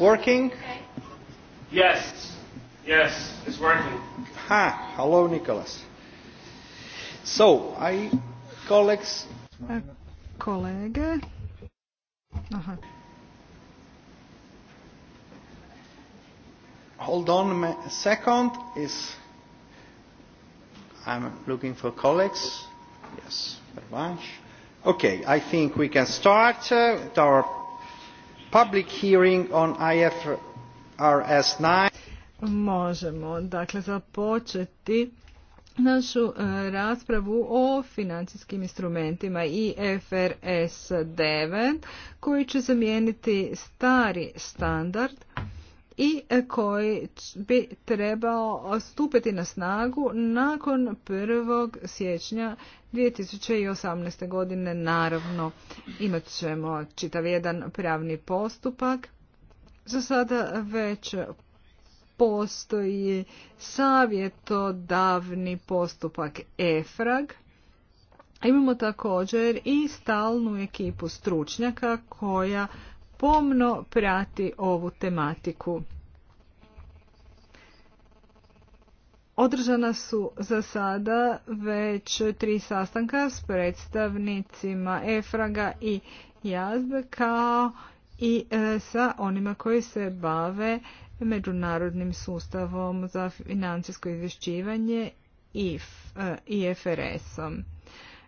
Working? Yes. Yes, it's working. Ha, hello Nicholas. So, I colleagues kolege. Aha. Hold on a second is I'm looking for colleagues. Yes, very much. Okay, I think we can start uh, with our public hearing on IFRS 9. Možemo dakle započeti našu e, raspravu o financijskim instrumentima IFRS 9 koji će zamijeniti stari standard i koji bi trebao stupiti na snagu nakon 1. siječnja 2018. godine. Naravno, imat ćemo čitav jedan pravni postupak. Za sada već postoji savjetodavni postupak EFRAG. Imamo također i stalnu ekipu stručnjaka koja pomno prati ovu tematiku. Održana su za sada već tri sastanka s predstavnicima Efraga i Jazbe kao i e, sa onima koji se bave međunarodnim sustavom za financijsko izvješćivanje i e, IFRS-om.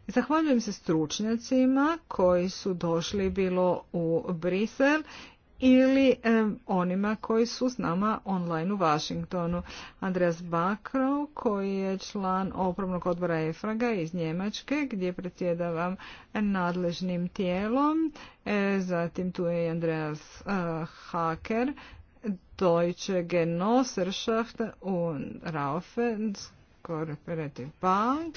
Zahvaljujem se stručnjacima koji su došli bilo u Brisel ili onima koji su s nama online u Washingtonu. Andreas Bakro, koji je član opravnog odbora EFRAGA iz Njemačke, gdje predsjedavam nadležnim tijelom. E, zatim tu je i Andreas e, Haker, Deutsche Genossenschaft und Raufens Bank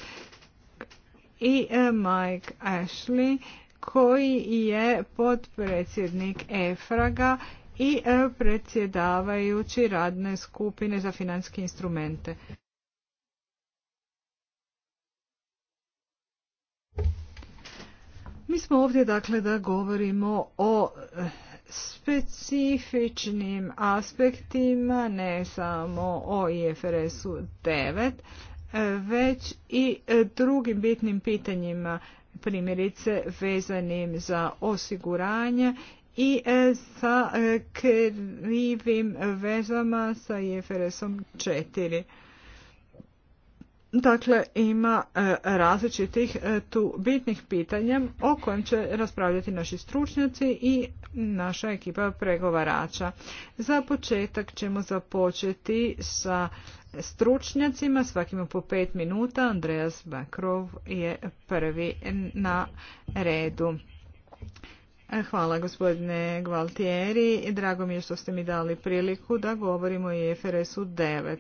i e, Mike Ashley, koji je potpredsjednik EFRAGA i e, predsjedavajući radne skupine za financijske instrumente. Mi smo ovdje dakle da govorimo o e, specifičnim aspektima, ne samo o IFRS-u 9, e, već i drugim bitnim pitanjima primjerice vezanim za osiguranje i e, sa e, krivim vezama sa IFRS-om 4. Dakle, ima e, različitih e, tu bitnih pitanja o kojem će raspravljati naši stručnjaci i naša ekipa pregovarača. Za početak ćemo započeti sa stručnjacima, svakima po pet minuta. Andreas Bakrov je prvi na redu. E, hvala gospodine Gvaltieri. Drago mi je što ste mi dali priliku da govorimo o IFRS-u 9.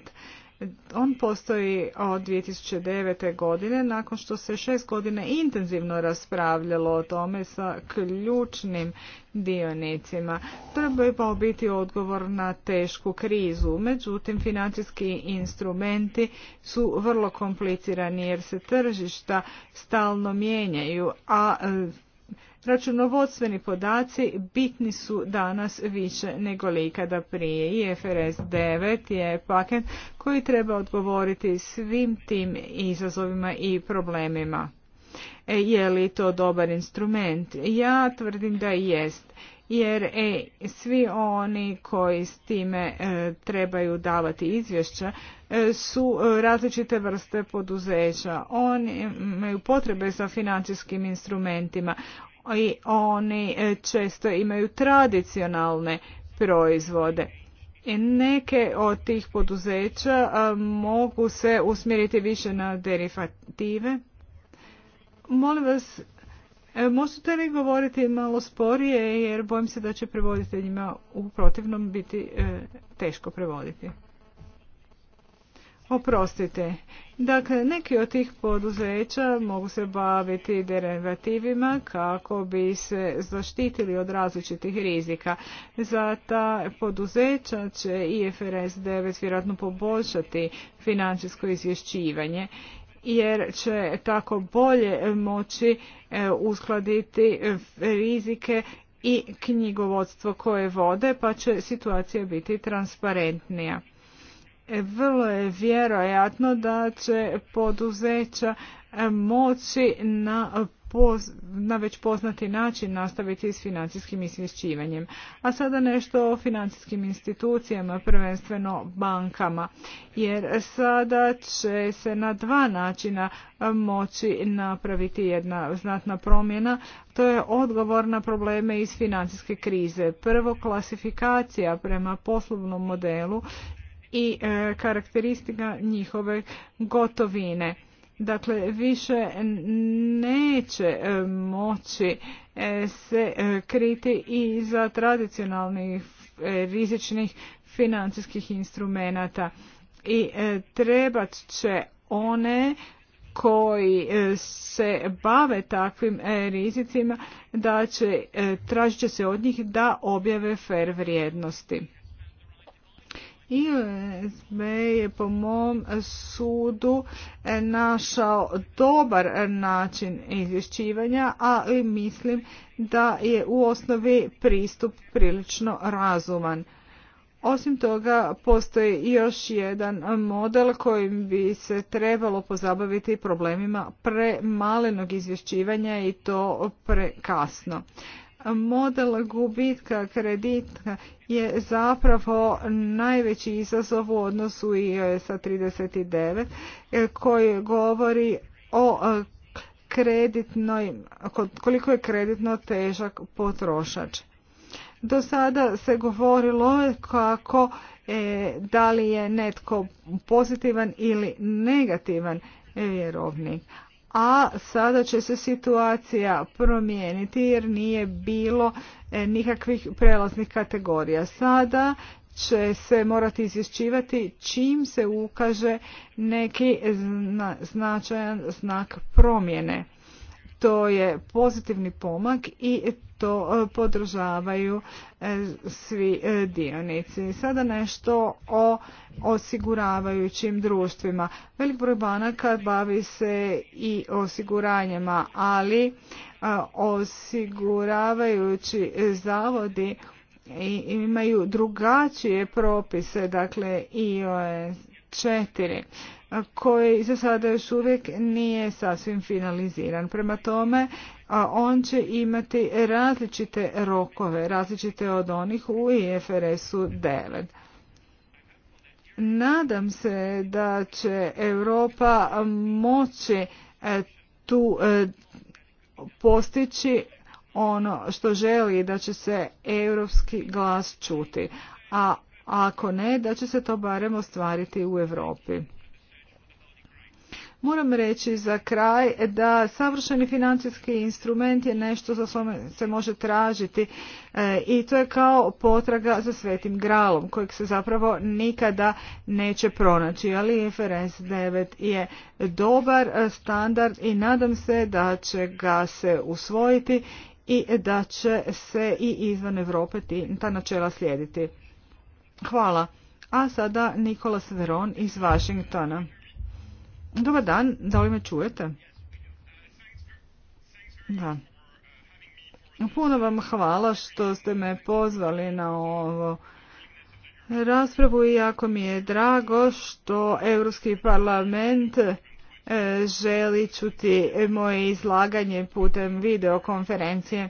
On postoji od 2009. godine nakon što se šest godina intenzivno raspravljalo o tome sa ključnim dionicima. Trebao pa biti odgovor na tešku krizu, međutim financijski instrumenti su vrlo komplicirani jer se tržišta stalno mijenjaju, a Računovodstveni podaci bitni su danas više nego li ikada prije. IFRS 9 je paket koji treba odgovoriti svim tim izazovima i problemima. E, je li to dobar instrument? Ja tvrdim da jest jer e, svi oni koji s time e, trebaju davati izvješća e, su različite vrste poduzeća. Oni imaju potrebe za financijskim instrumentima i oni e, često imaju tradicionalne proizvode. Neke od tih poduzeća e, mogu se usmjeriti više na derivative. Molim vas, e, možete li govoriti malo sporije jer bojim se da će prevoditeljima u protivnom biti teško prevoditi. Oprostite. Dakle, neki od tih poduzeća mogu se baviti derivativima kako bi se zaštitili od različitih rizika. Za ta poduzeća će IFRS 9 vjerojatno poboljšati financijsko izvješćivanje jer će tako bolje moći e, uskladiti e, rizike i knjigovodstvo koje vode pa će situacija biti transparentnija. E, vrlo je vjerojatno da će poduzeća e, moći na, već poznati način nastaviti s financijskim isvješćivanjem. A sada nešto o financijskim institucijama, prvenstveno bankama, jer sada će se na dva načina e, moći napraviti jedna znatna promjena. To je odgovor na probleme iz financijske krize. Prvo, klasifikacija prema poslovnom modelu i e, karakteristika njihove gotovine. Dakle, više neće e, moći e, se kriti i za tradicionalnih rizičnih financijskih instrumenata i trebat će one koji se bave takvim rizicima da će tražit će se od njih da objave fer vrijednosti. ISB je po mom sudu našao dobar način izvješćivanja, ali mislim da je u osnovi pristup prilično razuman. Osim toga, postoji još jedan model kojim bi se trebalo pozabaviti problemima premalenog izvješćivanja i to prekasno model gubitka kredita je zapravo najveći izazov u odnosu i e, sa 39 koji govori o e, kreditnoj, koliko je kreditno težak potrošač. Do sada se govorilo kako e, da li je netko pozitivan ili negativan vjerovnik a sada će se situacija promijeniti jer nije bilo e, nikakvih prelaznih kategorija. Sada će se morati izvješćivati čim se ukaže neki značajan znak promjene to je pozitivni pomak i to e, podržavaju e, svi e, dionici. Sada nešto o osiguravajućim društvima. Velik broj banaka bavi se i osiguranjima, ali osiguravajući zavodi imaju drugačije propise, dakle i četiri koji za sada još uvijek nije sasvim finaliziran. Prema tome, on će imati različite rokove, različite od onih u IFRS-u 9. Nadam se da će Europa moći e, tu e, postići ono što želi da će se europski glas čuti, a ako ne da će se to barem ostvariti u Europi. Moram reći za kraj da savršeni financijski instrument je nešto za što se može tražiti e, i to je kao potraga za svetim gralom kojeg se zapravo nikada neće pronaći, ali FRS 9 je dobar e, standard i nadam se da će ga se usvojiti i da će se i izvan Europe ta načela slijediti. Hvala. A sada Nikola Veron iz Washingtona. Dobar dan, da li me čujete? Da. Puno vam hvala što ste me pozvali na ovo raspravu i jako mi je drago što Europski parlament e, želi čuti moje izlaganje putem videokonferencije.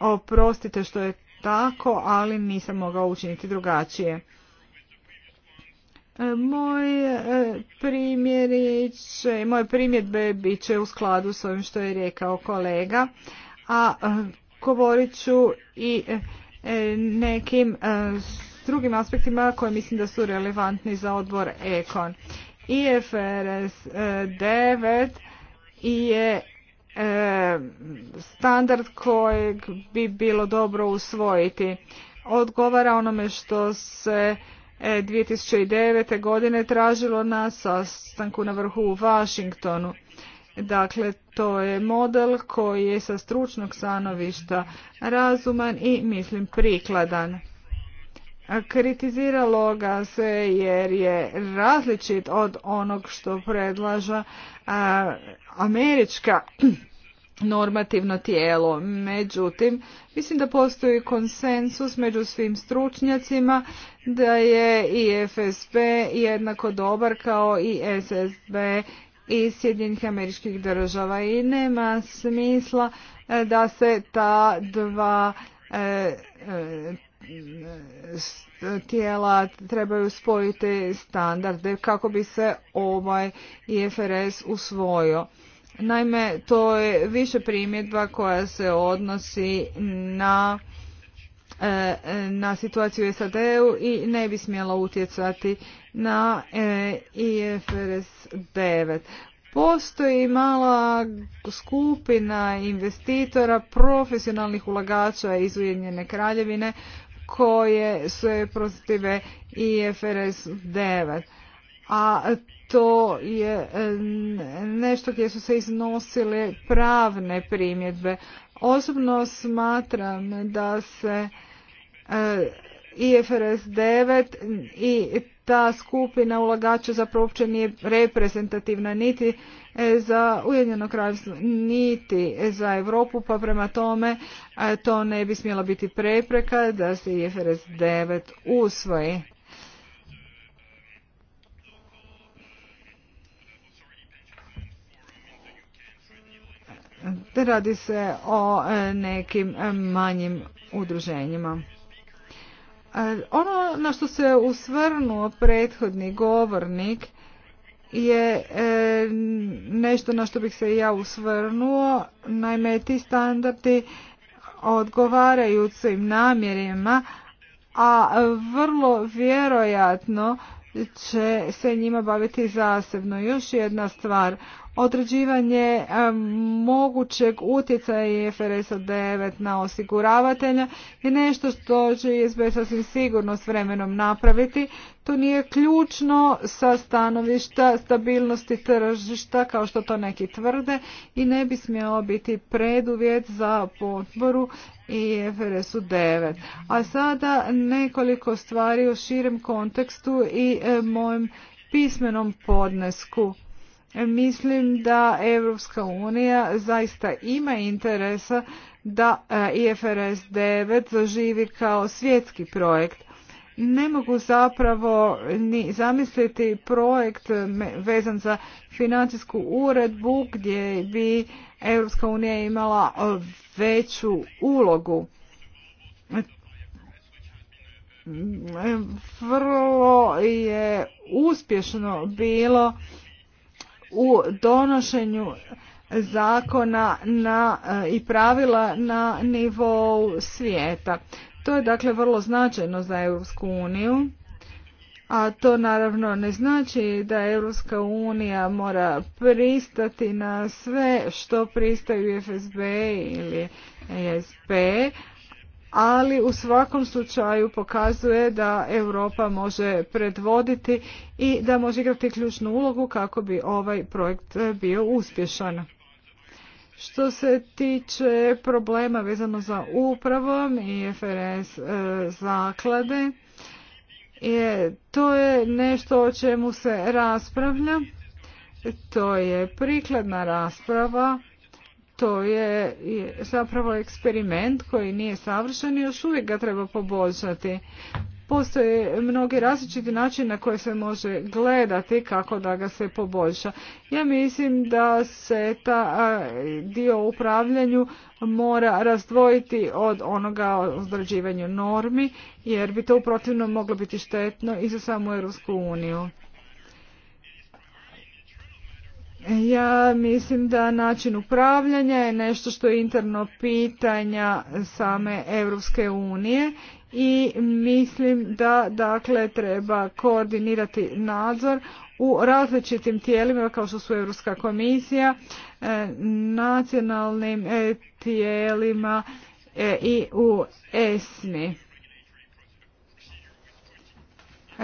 Oprostite što je tako, ali nisam mogao učiniti drugačije. E, moj e, će, moje primjedbe bit će u skladu s ovim što je rekao kolega, a e, govorit ću i nekim drugim aspektima koje mislim da su relevantni za odbor Ekon. IFRS 9 je standard kojeg bi bilo dobro usvojiti. Odgovara onome što se 2009. E, godine tražilo na sastanku na vrhu u Washingtonu. Dakle, to je model koji je sa stručnog stanovišta razuman i, mislim, prikladan. Kritiziralo ga se jer je različit od onog što predlaža američka normativno tijelo. Međutim, mislim da postoji konsensus među svim stručnjacima da je i FSB jednako dobar kao i SSB i Sjedinjenih američkih država i nema smisla e, da se ta dva e, e, tijela trebaju spojiti standarde kako bi se ovaj IFRS usvojio. Naime, to je više primjedba koja se odnosi na e, na situaciju u SAD-u i ne bi smjela utjecati na e, IFRS 9. Postoji mala skupina investitora, profesionalnih ulagača iz Ujedinjene kraljevine koje se protive IFRS 9 a to je e, nešto gdje su se iznosile pravne primjedbe. Osobno smatram da se e, IFRS 9 i ta skupina ulagača zapravo uopće nije reprezentativna niti e, za Ujedinjeno kraljevstvo niti za Europu pa prema tome to ne bi smjela biti prepreka da se IFRS 9 usvoji. Radi se o e, nekim e, manjim udruženjima. E, ono na što se usvrnuo prethodni govornik je nešto na što bih se ja usvrnuo. Naime, ti standardi odgovaraju svojim namjerima, a vrlo vjerojatno će se njima baviti zasebno. Još jedna stvar, određivanje mogućeg utjecaja IFRS-a 9 na osiguravatelja je nešto što će ISB sasvim sigurno s vremenom napraviti. To nije ključno sa stanovišta stabilnosti tržišta kao što to neki tvrde i ne bi smjelo biti preduvjet za potporu IFRS-u 9. A sada nekoliko stvari u širem kontekstu i mojem pismenom podnesku. Mislim da Europska unija zaista ima interesa da e, IFRS 9 zaživi kao svjetski projekt. Ne mogu zapravo ni zamisliti projekt vezan za financijsku uredbu gdje bi Europska unija imala e, veću ulogu. E, vrlo je uspješno bilo u donošenju zakona na, e, i pravila na nivou svijeta. To je dakle vrlo značajno za Europsku uniju, a to naravno ne znači da Europska unija mora pristati na sve što pristaju FSB ili ESP, ali u svakom slučaju pokazuje da Europa može predvoditi i da može igrati ključnu ulogu kako bi ovaj projekt bio uspješan. Što se tiče problema vezano za upravom i FRS e, zaklade, to je nešto o čemu se raspravlja. To je prikladna rasprava to je zapravo eksperiment koji nije savršen i još uvijek ga treba poboljšati. Postoje mnogi različiti načini na koje se može gledati kako da ga se poboljša. Ja mislim da se ta dio upravljanju mora razdvojiti od onoga o zdrađivanju normi, jer bi to u protivnom moglo biti štetno i za samu Europsku uniju. Ja mislim da način upravljanja je nešto što je interno pitanja same Europske unije i mislim da dakle treba koordinirati nadzor u različitim tijelima kao što su Europska komisija, e, nacionalnim e, tijelima e, i u ESMI.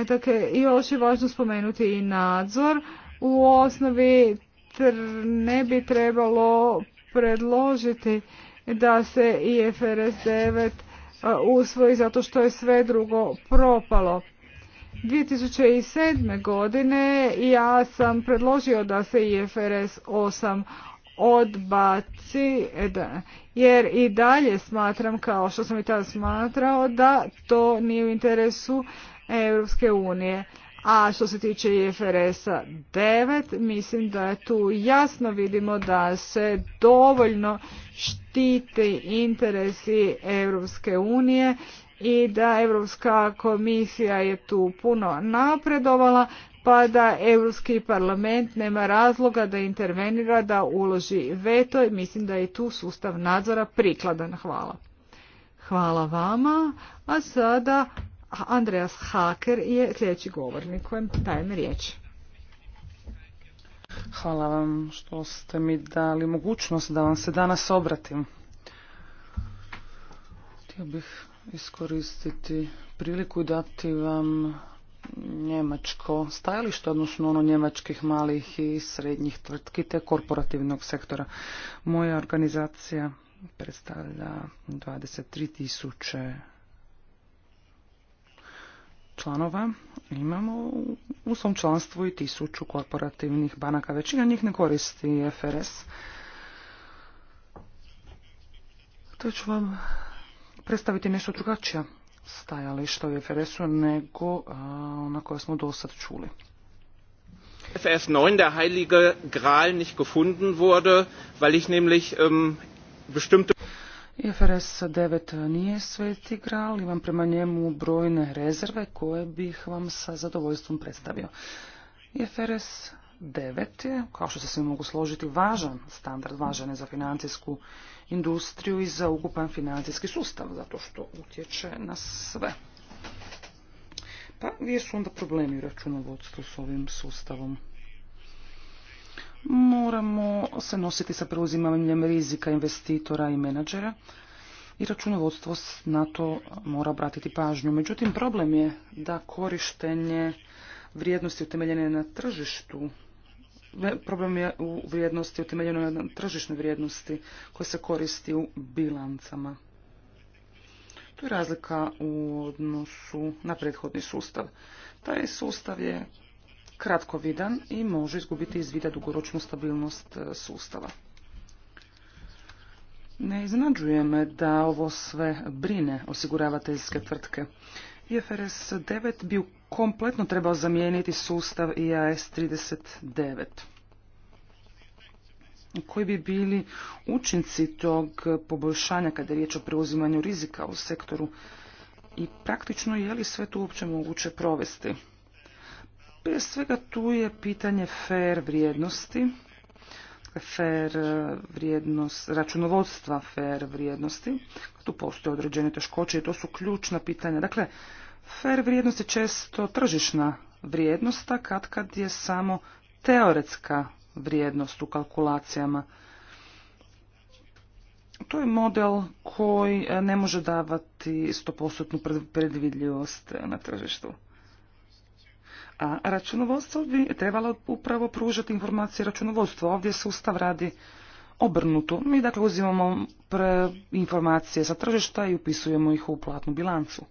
Dakle, još je važno spomenuti i nadzor. U osnovi ne bi trebalo predložiti da se IFRS 9 usvoji zato što je sve drugo propalo. 2007. godine ja sam predložio da se IFRS 8 odbaci e, jer i dalje smatram kao što sam i tada smatrao da to nije u interesu Europske unije. A što se tiče IFRS-a 9, mislim da tu jasno vidimo da se dovoljno štite interesi Europske unije i da Europska komisija je tu puno napredovala pa da Europski parlament nema razloga da intervenira, da uloži veto i mislim da je tu sustav nadzora prikladan. Hvala. Hvala vama. A sada Andreas Haker je sljedeći govornik kojem dajem riječ. Hvala vam što ste mi dali mogućnost da vam se danas obratim. Htio bih iskoristiti priliku i dati vam njemačko stajalište, odnosno ono njemačkih malih i srednjih tvrtki te korporativnog sektora. Moja organizacija predstavlja 23 tisuće članova imamo u svom članstvu i tisuću korporativnih banaka. Većina njih ne koristi FRS. To ću vam predstaviti nešto drugačija stajališta u FRS-u nego na koje smo do sad čuli. FRS 9 der heilige Gral nicht gefunden wurde, weil ich nämlich ähm, IFRS 9 nije sveti gral, imam prema njemu brojne rezerve koje bih vam sa zadovoljstvom predstavio. IFRS 9 je, kao što se svi mogu složiti, važan standard, važan je za financijsku industriju i za ukupan financijski sustav, zato što utječe na sve. Pa gdje su onda problemi u računovodstvu s ovim sustavom? moramo se nositi sa preuzimanjem rizika investitora i menadžera i računovodstvo na to mora obratiti pažnju. Međutim, problem je da korištenje vrijednosti utemeljene na tržištu problem je u vrijednosti utemeljenoj na tržišnoj vrijednosti koja se koristi u bilancama. Tu je razlika u odnosu na prethodni sustav. Taj sustav je kratkovidan i može izgubiti iz vida dugoročnu stabilnost e, sustava. Ne iznađuje da ovo sve brine osiguravateljske tvrtke. IFRS 9 bi kompletno trebao zamijeniti sustav IAS 39. Koji bi bili učinci tog poboljšanja kada je riječ o preuzimanju rizika u sektoru i praktično je li sve to uopće moguće provesti? Prije svega tu je pitanje fair vrijednosti, dakle, fair eh, vrijednost, računovodstva fair vrijednosti. Tu postoje određene teškoće i to su ključna pitanja. Dakle, fair vrijednost je često tržišna vrijednost, a kad kad je samo teoretska vrijednost u kalkulacijama. To je model koji eh, ne može davati 100% predvidljivost eh, na tržištu. A računovodstvo bi trebalo upravo pružati informacije računovodstvu. Ovdje sustav radi obrnuto. Mi dakle uzimamo informacije sa tržišta i upisujemo ih u platnu bilancu.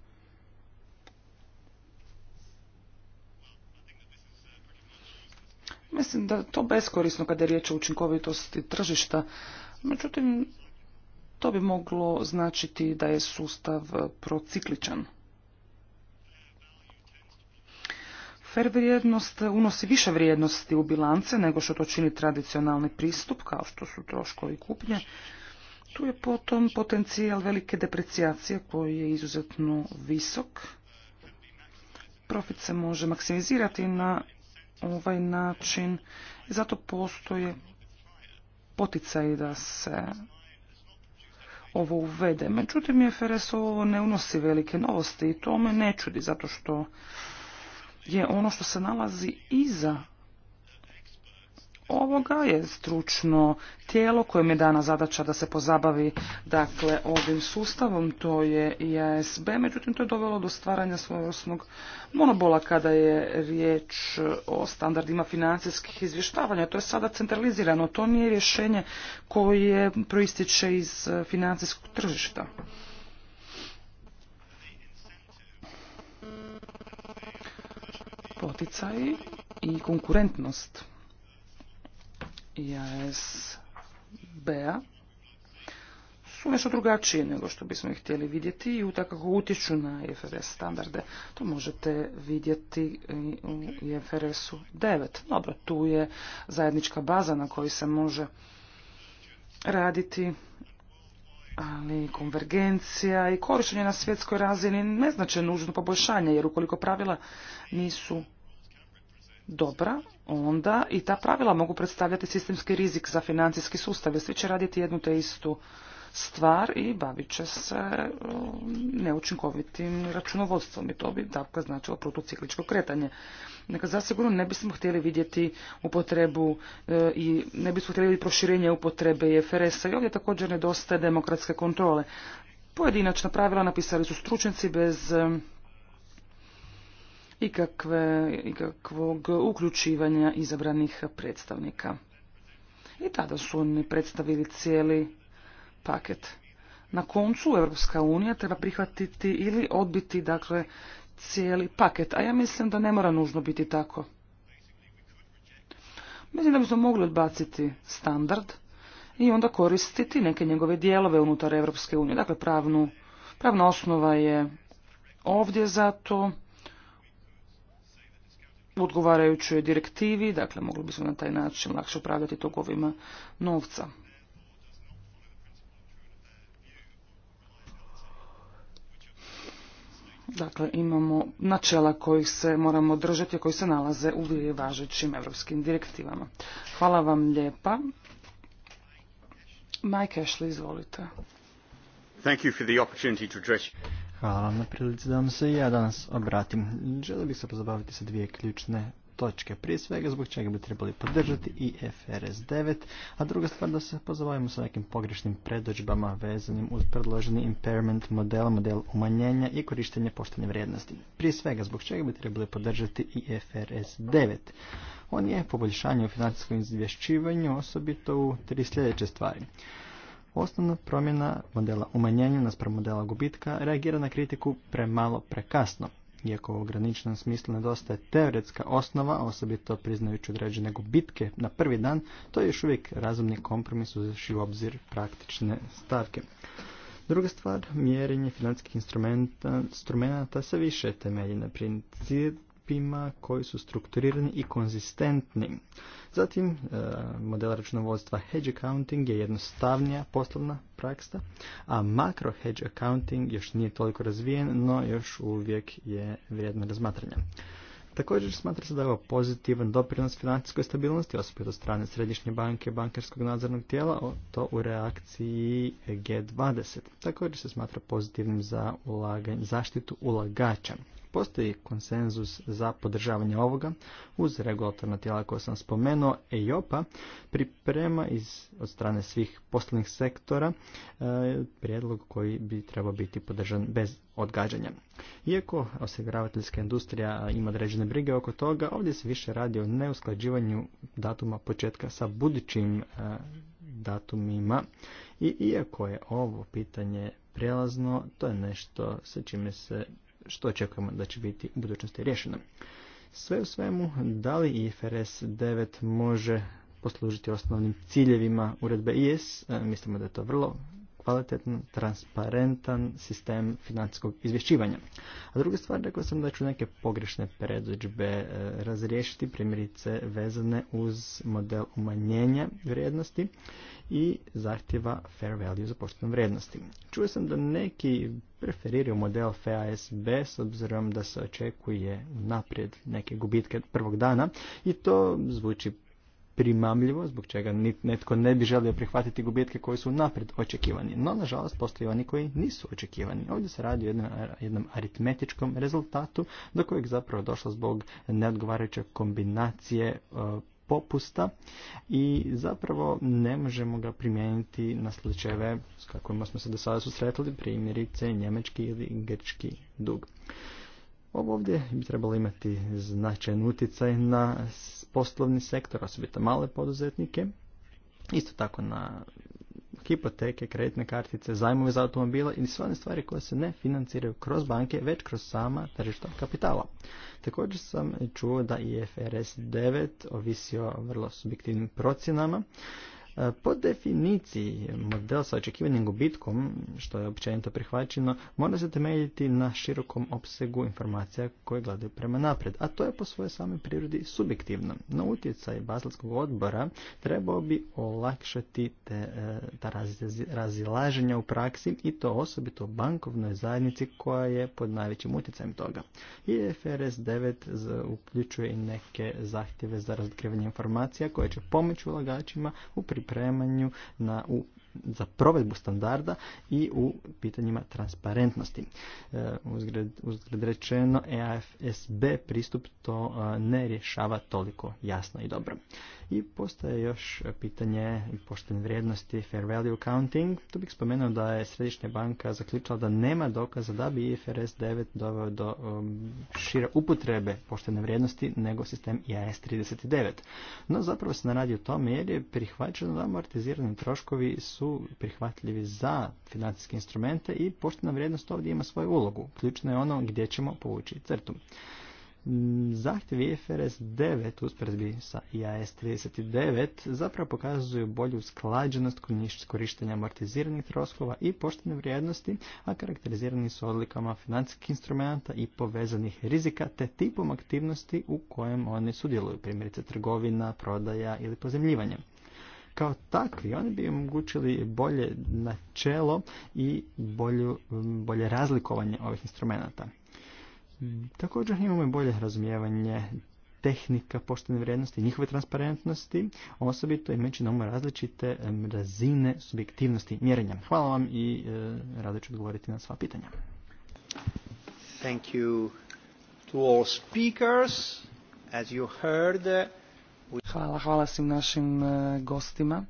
Mislim da to beskorisno kada je riječ o učinkovitosti tržišta, međutim to bi moglo značiti da je sustav procikličan. Fer vrijednost unosi više vrijednosti u bilance nego što to čini tradicionalni pristup, kao što su troškovi kupnje. Tu je potom potencijal velike deprecijacije koji je izuzetno visok. Profit se može maksimizirati na ovaj način i zato postoje poticaj da se ovo uvede. Međutim, je FRS ovo ne unosi velike novosti i to me ne čudi zato što je ono što se nalazi iza ovoga je stručno tijelo kojem je dana zadaća da se pozabavi dakle ovim sustavom, to je IASB, međutim to je dovelo do stvaranja svojosnog monobola kada je riječ o standardima financijskih izvještavanja. To je sada centralizirano, to nije rješenje koje proističe iz financijskog tržišta. poticaji i konkurentnost IASB-a su nešto drugačije nego što bismo ih htjeli vidjeti i utakako utječu na IFRS standarde. To možete vidjeti u IFRS-u 9. Dobro, tu je zajednička baza na kojoj se može raditi ali konvergencija i korištenje na svjetskoj razini ne znače nužno poboljšanje, jer ukoliko pravila nisu dobra, onda i ta pravila mogu predstavljati sistemski rizik za financijski sustav, svi će raditi jednu te istu stvar i bavit će se um, neučinkovitim računovodstvom i to bi dakle značilo protocikličko kretanje. Dakle, zasigurno ne bismo htjeli vidjeti upotrebu e, i ne bismo htjeli vidjeti proširenje upotrebe i FRS-a i ovdje također nedostaje demokratske kontrole. Pojedinačna pravila napisali su stručnjaci bez um, ikakve, ikakvog uključivanja izabranih predstavnika. I tada su oni predstavili cijeli paket. Na koncu Europska unija treba prihvatiti ili odbiti dakle cijeli paket, a ja mislim da ne mora nužno biti tako. Mislim da bismo mogli odbaciti standard i onda koristiti neke njegove dijelove unutar Europske unije. Dakle, pravnu, pravna osnova je ovdje zato u odgovarajućoj direktivi, dakle mogli bismo na taj način lakše upravljati tokovima novca. Dakle, imamo načela kojih se moramo držati, koji se nalaze u važećim evropskim direktivama. Hvala vam lijepa. Mike Ashley, izvolite. Thank Hvala vam na prilici da vam se i ja danas obratim. Želio bih se pozabaviti sa dvije ključne točke. Prije svega zbog čega bi trebali podržati i FRS 9, a druga stvar da se pozabavimo sa nekim pogrešnim predođbama vezanim uz predloženi impairment model, model umanjenja i korištenje poštene vrijednosti. Prije svega zbog čega bi trebali podržati i FRS 9. On je poboljšanje u financijskom izvješćivanju, osobito u tri sljedeće stvari. Osnovna promjena modela umanjenja naspram modela gubitka reagira na kritiku premalo prekasno iako u ograničenom smislu nedostaje teoretska osnova, osobito priznajući određene gubitke na prvi dan, to je još uvijek razumni kompromis uzevši u obzir praktične stavke. Druga stvar, mjerenje financijskih instrumenta, instrumenta se više temelji na princip, koji su strukturirani i konzistentni. Zatim, e, model računovodstva hedge accounting je jednostavnija poslovna praksa, a makro hedge accounting još nije toliko razvijen, no još uvijek je vrijedno razmatranja. Također smatra se da je ovo pozitivan doprinos financijskoj stabilnosti, osobito od strane Središnje banke i bankarskog nadzornog tijela, to u reakciji G20. Također se smatra pozitivnim za zaštitu ulagača. Postoji konsenzus za podržavanje ovoga uz regulatorna tijela koja sam spomenuo, EIOPA priprema iz, od strane svih poslovnih sektora e, prijedlog koji bi trebao biti podržan bez odgađanja. Iako osiguravateljska industrija ima određene brige oko toga, ovdje se više radi o neusklađivanju datuma početka sa budućim e, datumima i iako je ovo pitanje prijelazno, to je nešto sa čime se što očekujemo da će biti u budućnosti rješeno. Sve u svemu, da li IFRS 9 može poslužiti osnovnim ciljevima uredbe IS? E, mislimo da je to vrlo kvalitetan, transparentan sistem financijskog izvješćivanja. A druga stvar, rekao sam da ću neke pogrešne predođbe e, razriješiti, primjerice vezane uz model umanjenja vrijednosti i zahtjeva fair value za poštenu vrijednosti. Čuo sam da neki preferiraju model FASB s obzirom da se očekuje naprijed neke gubitke prvog dana i to zvuči primamljivo, zbog čega netko ne bi želio prihvatiti gubitke koji su napred očekivani. No, nažalost, postoje oni koji nisu očekivani. Ovdje se radi o jednom, jednom aritmetičkom rezultatu do kojeg zapravo došlo zbog neodgovarajuće kombinacije e, popusta i zapravo ne možemo ga primijeniti na slučajeve s kakvima smo se do sada susretili, primjerice njemački ili grčki dug. Ovo ovdje bi trebalo imati značajan utjecaj na poslovni sektor, osobito male poduzetnike, isto tako na hipoteke, kreditne kartice, zajmove za automobile i sve one stvari koje se ne financiraju kroz banke, već kroz sama tržišta kapitala. Također sam čuo da FRS 9 ovisi o vrlo subjektivnim procjenama E, po definiciji, model sa očekivanim gubitkom, što je općenito prihvaćeno, mora se temeljiti na širokom opsegu informacija koje gledaju prema napred, a to je po svojoj samoj prirodi subjektivno. Na utjecaj Baselskog odbora trebao bi olakšati e, ta razilaženja u praksi i to osobito bankovnoj zajednici koja je pod najvećim utjecajem toga. I FRS 9 uključuje i neke zahtjeve za razotkrivanje informacija koje će pomoći ulagačima u pripremanju na, u, za provedbu standarda i u pitanjima transparentnosti. E, uzgred uzgled, rečeno, EAFSB pristup to e, ne rješava toliko jasno i dobro. I postaje još pitanje poštene vrijednosti, fair value accounting. Tu bih spomenuo da je Središnja banka zaključila da nema dokaza da bi IFRS 9 doveo do um, šire upotrebe poštene vrijednosti nego sistem IAS 39. No zapravo se naradi radi o tome jer je prihvaćeno da amortizirani troškovi su prihvatljivi za financijske instrumente i poštena vrijednost ovdje ima svoju ulogu. Ključno je ono gdje ćemo povući crtu. Mm, zahtjevi IFRS 9 usporedbi sa IAS 39 zapravo pokazuju bolju usklađenost korištenja amortiziranih troskova i poštene vrijednosti, a karakterizirani su odlikama financijskih instrumenta i povezanih rizika te tipom aktivnosti u kojem oni sudjeluju, primjerice trgovina, prodaja ili pozemljivanje. Kao takvi, oni bi omogućili bolje načelo i bolje razlikovanje ovih instrumenta. Mm, također imamo i bolje razumijevanje tehnika poštene vrijednosti, i njihove transparentnosti, osobito imajući na različite razine subjektivnosti mjerenja. Hvala vam i e, rado ću odgovoriti na sva pitanja. Thank you to all speakers. As you heard, uh, Hvala, hvala svim našim e, gostima.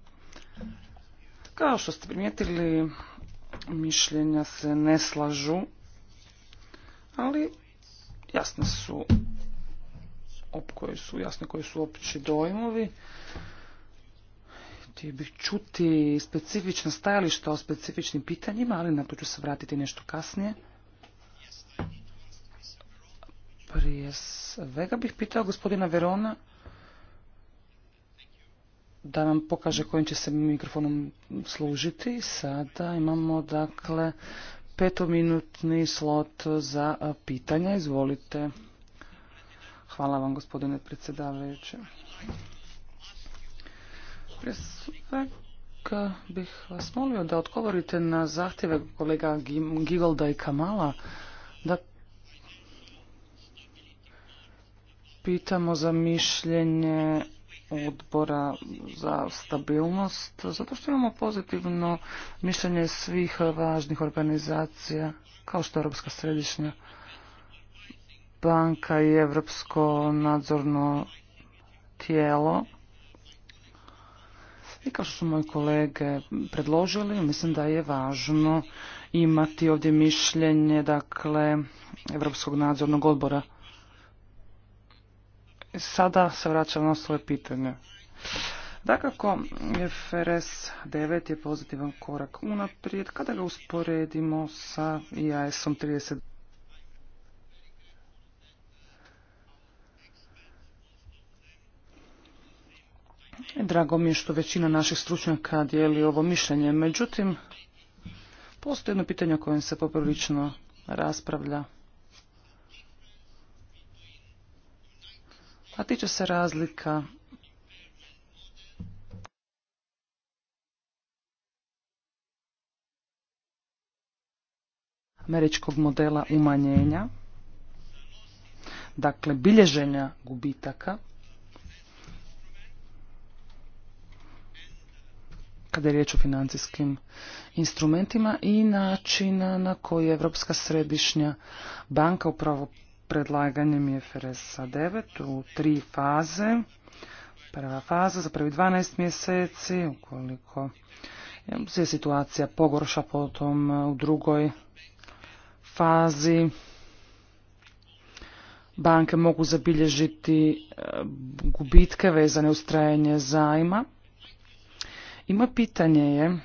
Kao što ste primijetili, mišljenja se ne slažu, ali jasne su op koji su, jasne koji su opći dojmovi. Htio bih čuti specifična stajališta o specifičnim pitanjima, ali na to ću se vratiti nešto kasnije. Prije svega bih pitao gospodina Verona da nam pokaže kojim će se mikrofonom služiti. Sada imamo dakle petominutni slot za pitanja. Izvolite. Hvala vam gospodine predsjedavajući. Prije svega bih vas molio da odgovorite na zahtjeve kolega Givalda i Kamala da pitamo za mišljenje odbora za stabilnost, zato što imamo pozitivno mišljenje svih važnih organizacija, kao što je Europska središnja banka i Europsko nadzorno tijelo. I kao što su moji kolege predložili, mislim da je važno imati ovdje mišljenje, dakle, Europskog nadzornog odbora. Sada se vraćam na svoje pitanje. Dakako, FRS 9 je pozitivan korak unaprijed kada ga usporedimo sa IAS-om 30. Drago mi je što većina naših stručnjaka dijeli ovo mišljenje. Međutim, postoji jedno pitanje o kojem se poprilično raspravlja. a tiče se razlika američkog modela umanjenja, dakle bilježenja gubitaka, kada je riječ o financijskim instrumentima i načina na koji Europska središnja banka upravo predlaganjem je FRS-a 9 u tri faze. Prva faza za prvi 12 mjeseci, ukoliko se situacija pogorša potom e, u drugoj fazi banke mogu zabilježiti e, gubitke vezane uz trajanje zajma. I moje pitanje je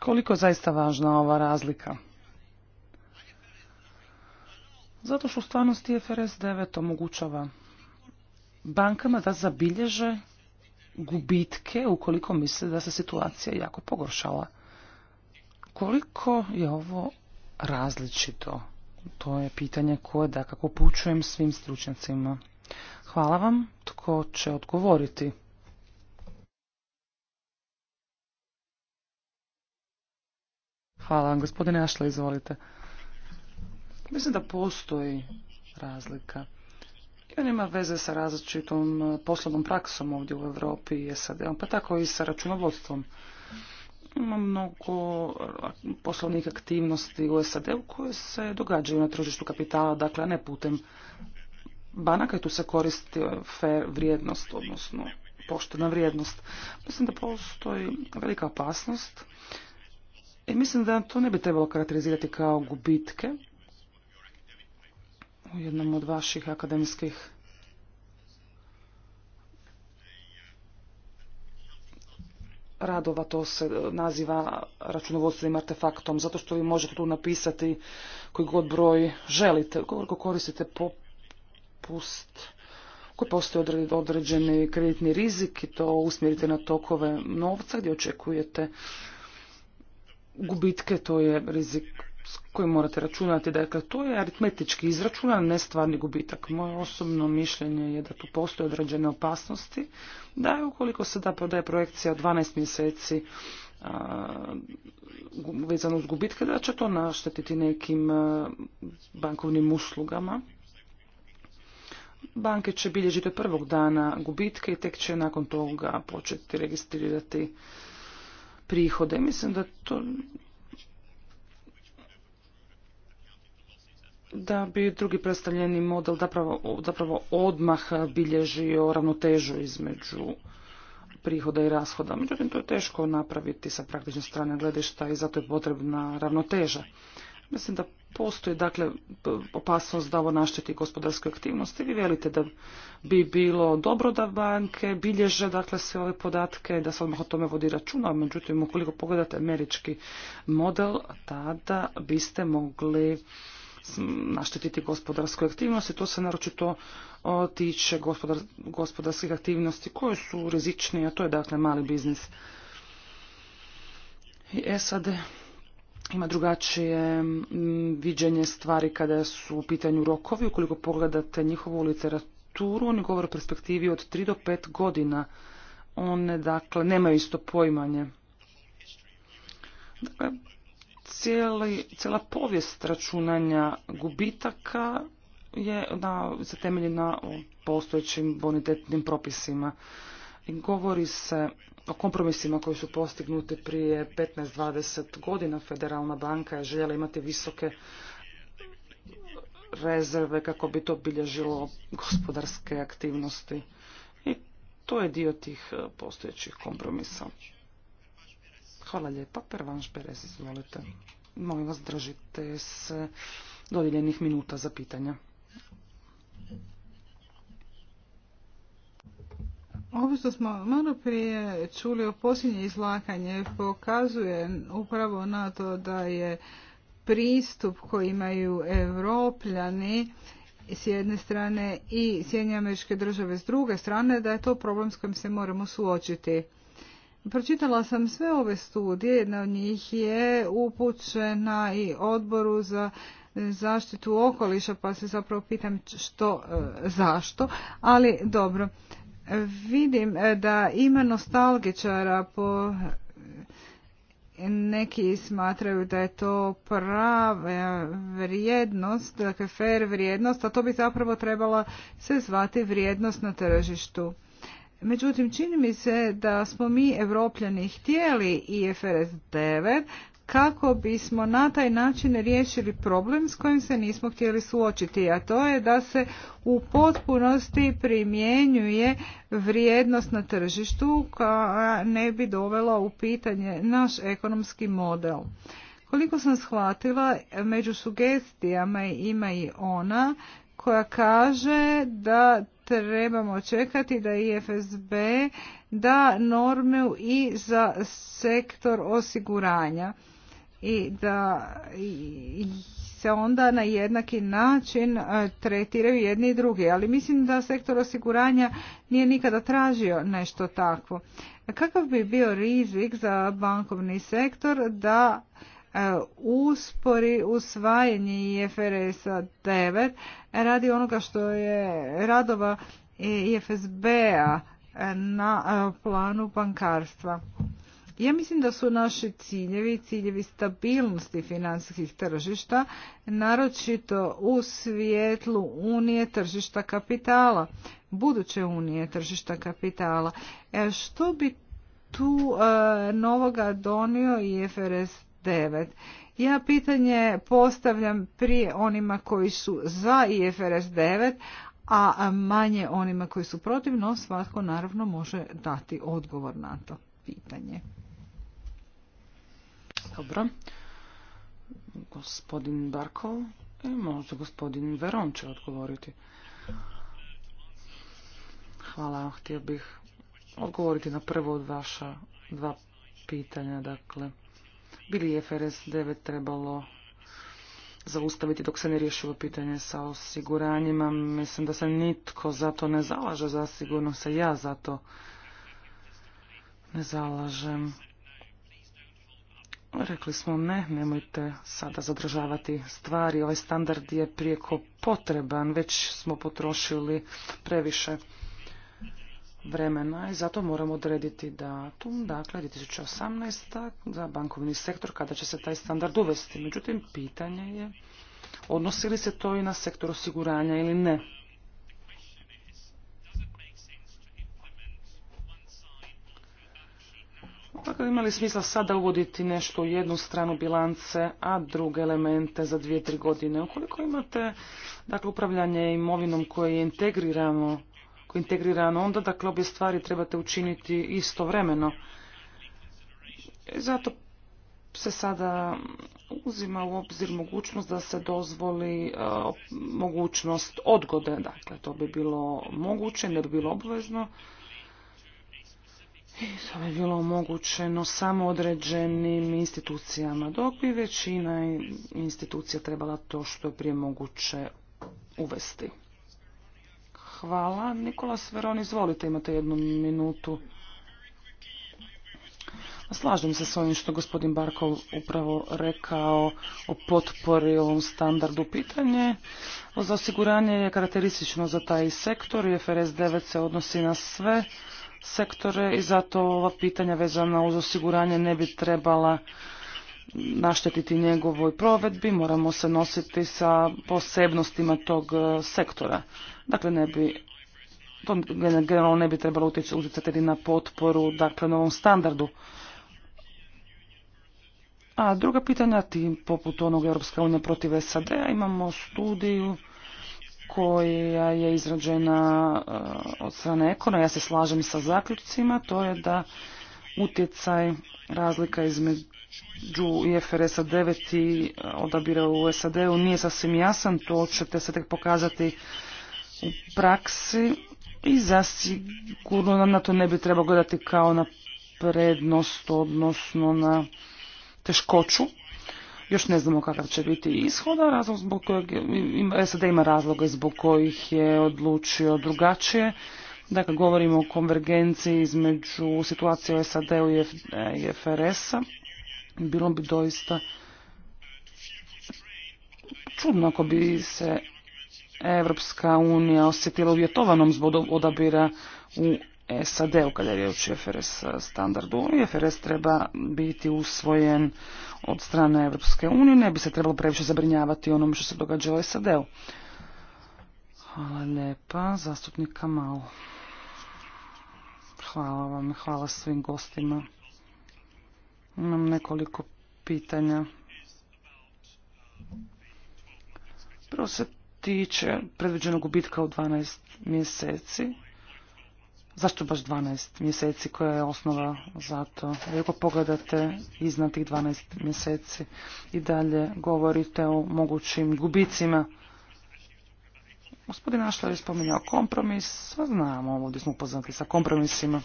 koliko je zaista važna ova razlika. Zato što u stvarnosti FRS 9 omogućava bankama da zabilježe gubitke ukoliko misle da se situacija jako pogoršala. Koliko je ovo različito? To je pitanje koje da kako pučujem svim stručnjacima. Hvala vam. Tko će odgovoriti? Hvala vam. Gospodine Ašle, izvolite. Mislim da postoji razlika. I on ima veze sa različitom e, poslovnom praksom ovdje u Europi i sad pa tako i sa računovodstvom. Ima mnogo e, poslovnih aktivnosti u SAD-u koje se događaju na tržištu kapitala, dakle, a ne putem banaka i tu se koristi e, fair vrijednost, odnosno poštena vrijednost. Mislim da postoji velika opasnost i mislim da to ne bi trebalo karakterizirati kao gubitke u jednom od vaših akademijskih radova to se naziva računovodstvenim artefaktom, zato što vi možete tu napisati koji god broj želite, koliko koristite popust, koji postoji određeni kreditni rizik i to usmjerite na tokove novca gdje očekujete gubitke, to je rizik s kojim morate računati. Dakle, to je aritmetički izračun, ne stvarni gubitak. Moje osobno mišljenje je da tu postoje određene opasnosti, da je ukoliko se da prodaje projekcija 12 mjeseci vezano uz gubitke, da će to naštetiti nekim bankovnim uslugama. Banke će bilježiti prvog dana gubitke i tek će nakon toga početi registrirati prihode. Mislim da to da bi drugi predstavljeni model zapravo, odmah bilježio ravnotežu između prihoda i rashoda. Međutim, to je teško napraviti sa praktične strane gledišta i zato je potrebna ravnoteža. Mislim da Postoji dakle opasnost da ovo našteti gospodarskoj aktivnosti. Vi velite da bi bilo dobro da banke bilježe dakle sve ove podatke, da se odmah o tome vodi računa, međutim ukoliko pogledate američki model, tada biste mogli naštetiti gospodarskoj aktivnosti. To se naročito tiče gospodar, gospodarskih aktivnosti koje su rizičnije, a to je dakle mali biznis. I e, SAD ima drugačije mm, viđenje stvari kada su u pitanju rokovi. Ukoliko pogledate njihovu literaturu, oni govore o perspektivi od 3 do 5 godina. One, dakle, nemaju isto poimanje. Dakle, cijeli, cijela povijest računanja gubitaka je na, se temelji na postojećim bonitetnim propisima. Govori se o kompromisima koji su postignuti prije 15-20 godina. Federalna banka je željela imati visoke rezerve kako bi to obilježilo gospodarske aktivnosti. I to je dio tih e, postojećih kompromisa. Hvala lijepa. Pervanš Perez, izvolite. Molim vas, držite se dodijeljenih minuta za pitanja. Ovo što smo malo prije čuli o posljednje izlakanje pokazuje upravo na to da je pristup koji imaju evropljani s jedne strane i Sjedinje američke države s druge strane, da je to problem s kojim se moramo suočiti. Pročitala sam sve ove studije, jedna od njih je upućena i odboru za zaštitu okoliša, pa se zapravo pitam što, e, zašto, ali dobro. Vidim e, da ima nostalgičara po e, neki smatraju da je to prava vrijednost, dakle fair vrijednost, a to bi zapravo trebala se zvati vrijednost na tržištu. Međutim, čini mi se da smo mi evropljani htjeli IFRS 9, kako bismo na taj način riješili problem s kojim se nismo htjeli suočiti, a to je da se u potpunosti primjenjuje vrijednost na tržištu koja ne bi dovela u pitanje naš ekonomski model. Koliko sam shvatila, među sugestijama ima i ona koja kaže da trebamo čekati da IFSB da norme i za sektor osiguranja i da se onda na jednaki način e, tretiraju jedni i drugi. Ali mislim da sektor osiguranja nije nikada tražio nešto takvo. Kakav bi bio rizik za bankovni sektor da e, uspori usvajanje ifrs 9 radi onoga što je radova IFSB-a e, na planu bankarstva. Ja mislim da su naši ciljevi, ciljevi stabilnosti financijskih tržišta, naročito u svijetlu unije tržišta kapitala, buduće unije tržišta kapitala. E, što bi tu e, novoga donio i FRS 9? Ja pitanje postavljam prije onima koji su za IFRS 9, a manje onima koji su protiv, no svatko naravno može dati odgovor na to pitanje. Dobro. Gospodin Barkov i e, možda gospodin Veron će odgovoriti. Hvala, htio bih odgovoriti na prvo od vaša dva pitanja. Dakle, bili je FRS 9 trebalo zaustaviti dok se ne riješilo pitanje sa osiguranjima. Mislim da se nitko za to ne zalaže, zasigurno se ja za to ne zalažem. Rekli smo ne, nemojte sada zadržavati stvari, ovaj standard je prijeko potreban, već smo potrošili previše vremena i zato moramo odrediti datum, dakle 2018. za bankovni sektor kada će se taj standard uvesti. Međutim, pitanje je odnosi li se to i na sektor osiguranja ili ne. Dakle, imali smisla sada uvoditi nešto u jednu stranu bilance, a druge elemente za dvije, tri godine. Ukoliko imate dakle, upravljanje imovinom koje je integrirano, koje integrirano onda dakle, obje stvari trebate učiniti istovremeno. E, zato se sada uzima u obzir mogućnost da se dozvoli e, mogućnost odgode. Dakle, to bi bilo moguće, ne bi bilo obvezno to je bilo omogućeno samo određenim institucijama, dok bi većina institucija trebala to što je prije moguće uvesti. Hvala. Nikola Sveron, izvolite, imate jednu minutu. Pa slažem se s ovim što gospodin Barkov upravo rekao o potpori ovom standardu. Pitanje za osiguranje je karakteristično za taj sektor i FRS 9 se odnosi na sve sektore i zato ova pitanja vezana uz osiguranje ne bi trebala naštetiti njegovoj provedbi, moramo se nositi sa posebnostima tog e, sektora. Dakle, ne bi, to generalno ne bi trebalo utjecati na potporu, dakle, novom standardu. A druga pitanja, tim poput onog Europska unija protiv SAD-a, imamo studiju koja je izrađena eh, od strane Ekona, ja se slažem sa zaključcima, to je da utjecaj razlika između ifrs 9 i eh, odabira u SAD-u nije sasvim jasan, to ćete se tek pokazati u praksi i zasigurno nam na to ne bi trebao gledati kao na prednost, odnosno na teškoću. Još ne znamo kakav će biti ishoda, razlog zbog kojeg SAD ima razloge zbog kojih je odlučio drugačije. Dakle, govorimo o konvergenciji između situacije SAD-u i FRS-a. Bilo bi doista čudno ako bi se Evropska unija osjetila uvjetovanom zbog odabira u SAD-u kada je riječ o FRS standardu. FRS treba biti usvojen od strane Europske unije, ne bi se trebalo previše zabrinjavati onome što se događa u SAD-u. Hvala lijepa, zastupnika Kamal. Hvala vam, hvala svim gostima. Imam nekoliko pitanja. Prvo se tiče predviđenog gubitka u 12 mjeseci. Zašto baš 12 mjeseci koja je osnova za to? ako pogledate iznad tih 12 mjeseci i dalje govorite o mogućim gubicima. Gospodin Ašler je spominjao kompromis, sva znamo, ovdje smo upoznati sa kompromisima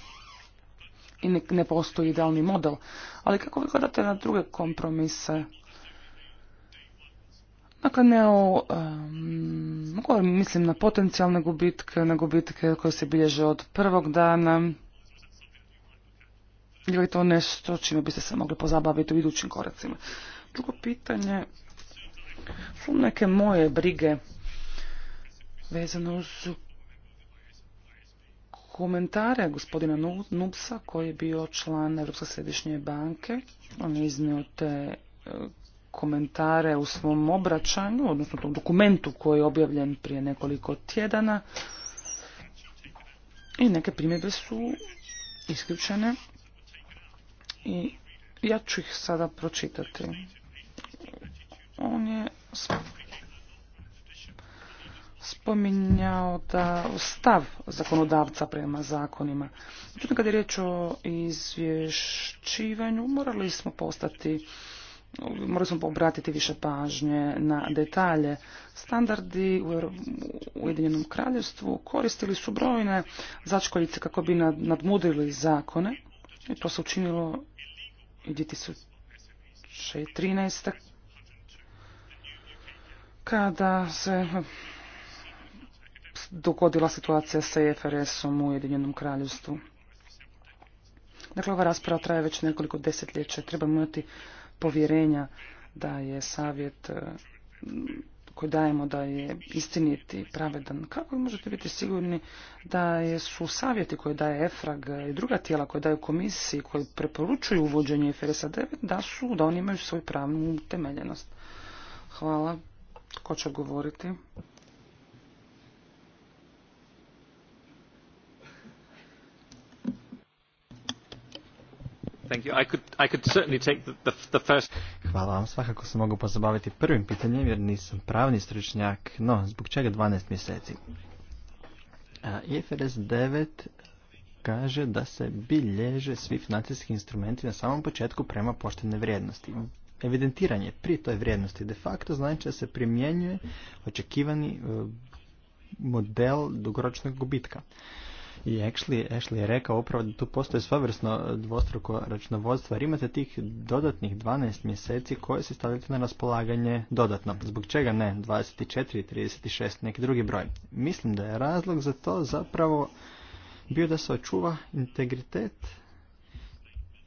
i ne postoji idealni model. Ali kako vi gledate na druge kompromise Dakle, ne o, mislim na potencijalne gubitke, na gubitke koje se bilježe od prvog dana. Je li to nešto čime biste se mogli pozabaviti u idućim koracima? Drugo pitanje su neke moje brige vezano uz komentare gospodina Nubsa koji je bio član Europske središnje banke. On je iznio te komentare u svom obraćanju, odnosno tom dokumentu koji je objavljen prije nekoliko tjedana. I neke primjedbe su isključene i ja ću ih sada pročitati. On je spominjao da stav zakonodavca prema zakonima. Međutim, kad je riječ o izvješćivanju, morali smo postati morali smo obratiti više pažnje na detalje. Standardi u Ujedinjenom kraljevstvu koristili su brojne začkoljice kako bi nadmudili zakone. I to se učinilo 2013. kada se eh, dogodila situacija sa EFRS-om u Ujedinjenom kraljevstvu. Dakle, ova rasprava traje već nekoliko desetljeća. Trebamo imati povjerenja da je savjet e, koji dajemo da je istinit i pravedan. Kako možete biti sigurni da su savjeti koje daje EFRAG i druga tijela koje daju komisiji, koji preporučuju uvođenje IFRS-a 9, da su, da oni imaju svoju pravnu utemeljenost? Hvala. Ko će govoriti? Hvala vam. Svakako se mogu pozabaviti prvim pitanjem jer nisam pravni stručnjak. No, zbog čega 12 mjeseci? IFRS 9 kaže da se bilježe svi financijski instrumenti na samom početku prema poštene vrijednosti. Evidentiranje pri toj vrijednosti de facto znači da se primjenjuje očekivani e, model dugoročnog gubitka. I je rekao upravo da tu postoje svavrsno dvostruko računovodstvo, jer imate tih dodatnih 12 mjeseci koje se stavljate na raspolaganje dodatno. Zbog čega ne 24 36, neki drugi broj. Mislim da je razlog za to zapravo bio da se očuva integritet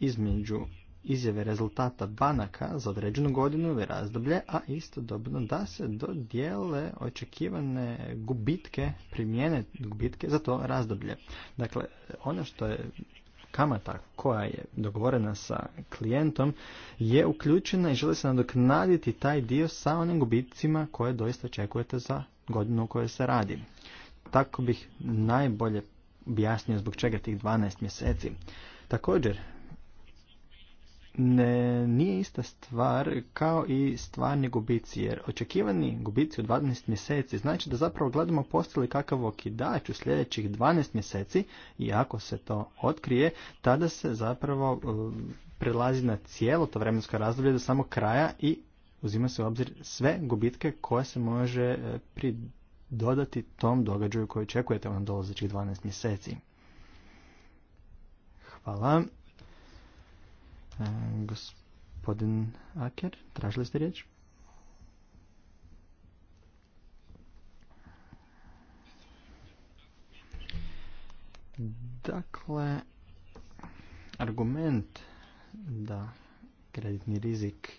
između izjave rezultata banaka za određenu godinu ili razdoblje, a istodobno da se dodijele očekivane gubitke, primjene gubitke za to razdoblje. Dakle, ono što je kamata koja je dogovorena sa klijentom je uključena i želi se nadoknaditi taj dio sa onim gubitcima koje doista očekujete za godinu u kojoj se radi. Tako bih najbolje objasnio zbog čega tih 12 mjeseci. Također, ne, nije ista stvar kao i stvarni gubici, jer očekivani gubici u 12 mjeseci znači da zapravo gledamo postali kakav okidač u sljedećih 12 mjeseci i ako se to otkrije, tada se zapravo um, prelazi na cijelo to vremensko razdoblje do samo kraja i uzima se u obzir sve gubitke koje se može uh, pridodati tom događaju koji očekujete u dolazećih 12 mjeseci. Hvala. E, gospodin Aker, tražili ste riječ? Dakle, argument da kreditni rizik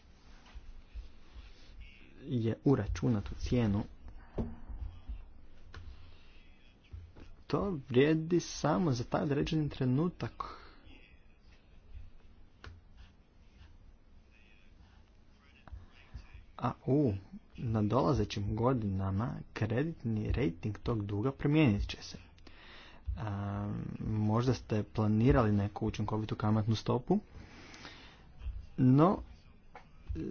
je uračunat u cijenu to vrijedi samo za taj određeni trenutak a u nadolazećim godinama kreditni rejting tog duga promijenit će se. možda ste planirali neku učinkovitu kamatnu stopu, no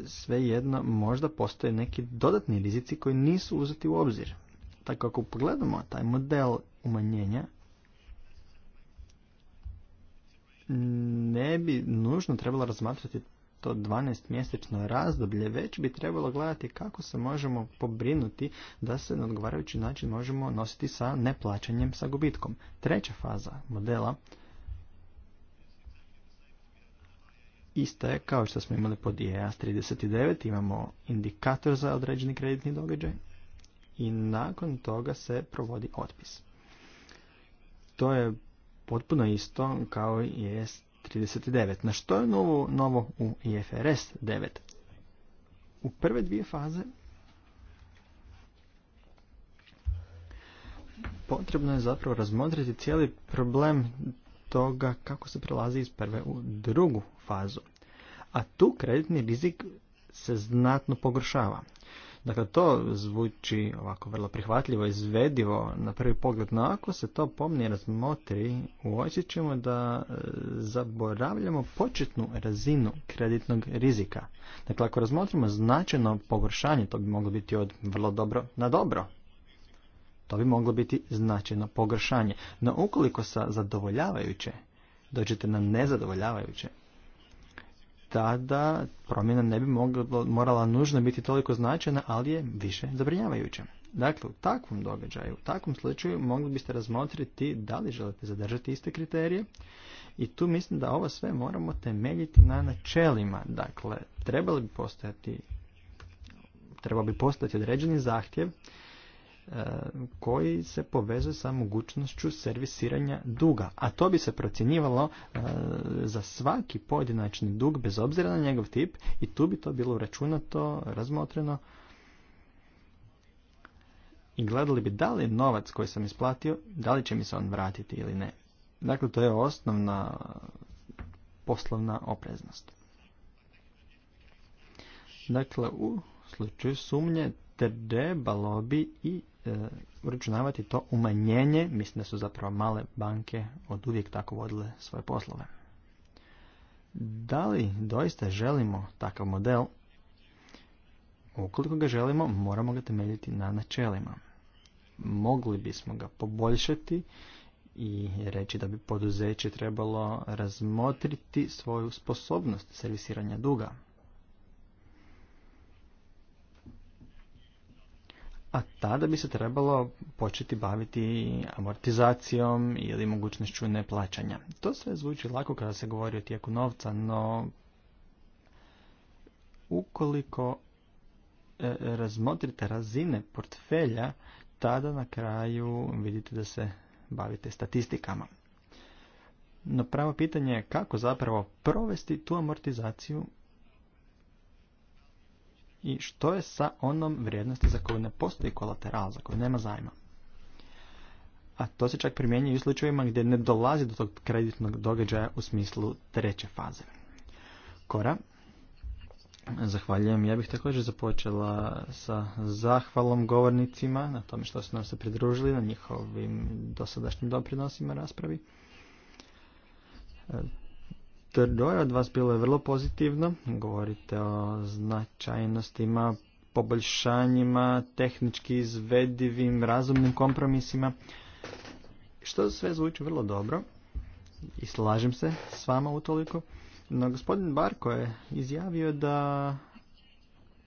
svejedno možda postoje neki dodatni rizici koji nisu uzeti u obzir. Tako ako pogledamo taj model umanjenja, ne bi nužno trebalo razmatrati to 12-mjesečno razdoblje, već bi trebalo gledati kako se možemo pobrinuti da se na odgovarajući način možemo nositi sa neplaćanjem, sa gubitkom. Treća faza modela ista je kao što smo imali pod IAS e 39, imamo indikator za određeni kreditni događaj i nakon toga se provodi otpis. To je potpuno isto kao i IAS e 39. Na što je novo, novo u IFRS 9? U prve dvije faze potrebno je zapravo razmotriti cijeli problem toga kako se prelazi iz prve u drugu fazu. A tu kreditni rizik se znatno pogoršava. Dakle, to zvuči ovako vrlo prihvatljivo, izvedivo na prvi pogled, no ako se to pomnije razmotri, uočit ćemo da e, zaboravljamo početnu razinu kreditnog rizika. Dakle, ako razmotrimo značajno pogoršanje, to bi moglo biti od vrlo dobro na dobro. To bi moglo biti značajno pogoršanje. No ukoliko sa zadovoljavajuće dođete na nezadovoljavajuće, tada promjena ne bi mogla, morala nužno biti toliko značajna, ali je više zabrinjavajuća. Dakle, u takvom događaju, u takvom slučaju mogli biste razmotriti da li želite zadržati iste kriterije i tu mislim da ovo sve moramo temeljiti na načelima. Dakle, trebali bi postojati treba bi postati određeni zahtjev E, koji se povezuje sa mogućnošću servisiranja duga. A to bi se procjenjivalo e, za svaki pojedinačni dug bez obzira na njegov tip i tu bi to bilo računato, razmotreno i gledali bi da li novac koji sam isplatio, da li će mi se on vratiti ili ne. Dakle, to je osnovna poslovna opreznost. Dakle, u slučaju sumnje trebalo bi i E, uračunavati to umanjenje, mislim da su zapravo male banke od uvijek tako vodile svoje poslove. Da li doista želimo takav model? Ukoliko ga želimo, moramo ga temeljiti na načelima. Mogli bismo ga poboljšati i reći da bi poduzeće trebalo razmotriti svoju sposobnost servisiranja duga. a tada bi se trebalo početi baviti amortizacijom ili mogućnošću neplaćanja. To sve zvuči lako kada se govori o tijeku novca, no ukoliko e, razmotrite razine portfelja, tada na kraju vidite da se bavite statistikama. No pravo pitanje je kako zapravo provesti tu amortizaciju i što je sa onom vrijednosti za koju ne postoji kolateral, za koju nema zajma? A to se čak primjenjuje u slučajevima gdje ne dolazi do tog kreditnog događaja u smislu treće faze. Kora, Zahvaljujem. Ja bih također započela sa zahvalom govornicima na tome što su nam se pridružili, na njihovim dosadašnjim doprinosima raspravi troje od vas bilo je vrlo pozitivno. Govorite o značajnostima, poboljšanjima, tehnički izvedivim, razumnim kompromisima. Što sve zvuči vrlo dobro i slažem se s vama utoliko. No gospodin Barko je izjavio da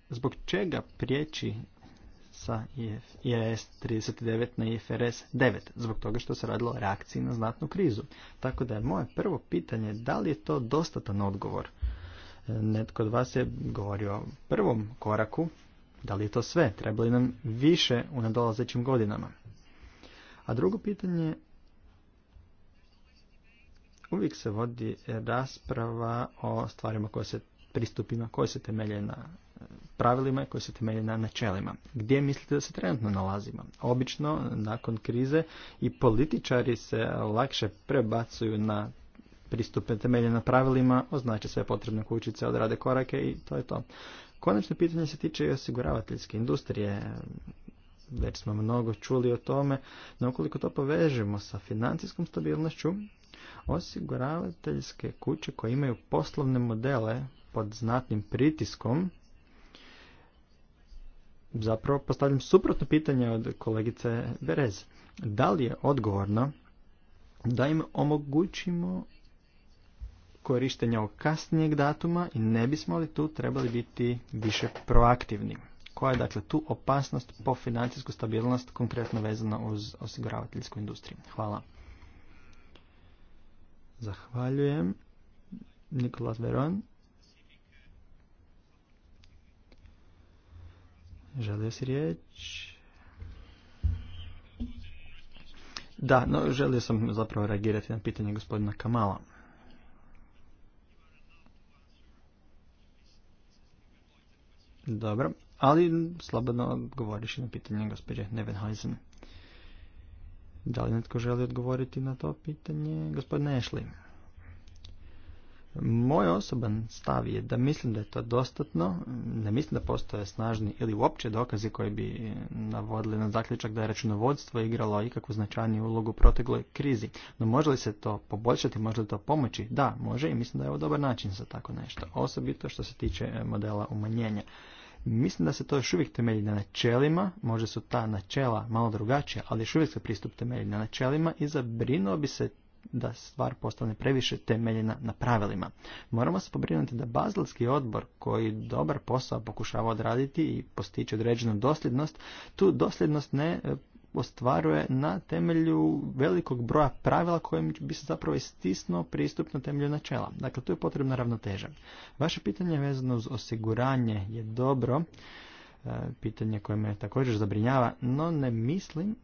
zbog čega prijeći sa IAS 39 na IFRS 9, zbog toga što se radilo o reakciji na znatnu krizu. Tako da je moje prvo pitanje, da li je to dostatan odgovor? E, netko od vas je govorio o prvom koraku, da li je to sve? Treba nam više u nadolazećim godinama? A drugo pitanje, uvijek se vodi rasprava o stvarima koje se pristupima koje se temelje na pravilima koji se temelje na načelima. Gdje mislite da se trenutno nalazimo? Obično, nakon krize i političari se lakše prebacuju na pristupe temelje na pravilima, označe sve potrebne kućice, odrade korake i to je to. Konačno pitanje se tiče i osiguravateljske industrije. Već smo mnogo čuli o tome, no ukoliko to povežemo sa financijskom stabilnošću, osiguravateljske kuće koje imaju poslovne modele pod znatnim pritiskom zapravo postavljam suprotno pitanje od kolegice Berez. Da li je odgovorno da im omogućimo korištenje ovog kasnijeg datuma i ne bismo li tu trebali biti više proaktivni? Koja je dakle tu opasnost po financijsku stabilnost konkretno vezana uz osiguravateljsku industriju? Hvala. Zahvaljujem. Nikolas Veron. Želio si riječ? Da, no, želio sam zapravo reagirati na pitanje gospodina Kamala. Dobro, ali slobodno odgovoriš na pitanje gospođe Nevenhuizen. Da li netko želi odgovoriti na to pitanje? Gospodine Ashley. Moj osoban stav je da mislim da je to dostatno, ne mislim da postoje snažni ili uopće dokazi koji bi navodili na zaključak da je računovodstvo igralo ikakvu značajniju ulogu u protekloj krizi. No može li se to poboljšati, može li to pomoći? Da, može i mislim da je ovo dobar način za tako nešto, osobito što se tiče e, modela umanjenja. Mislim da se to još uvijek temelji na načelima, možda su ta načela malo drugačija, ali još uvijek se pristup temelji na načelima i zabrinuo bi se da stvar postane previše temeljena na pravilima. Moramo se pobrinuti da bazilski odbor koji dobar posao pokušava odraditi i postići određenu dosljednost, tu dosljednost ne e, ostvaruje na temelju velikog broja pravila kojim bi se zapravo istisno pristup na temelju načela. Dakle, tu je potrebna ravnoteža. Vaše pitanje vezano uz osiguranje je dobro, e, pitanje koje me također zabrinjava, no ne mislim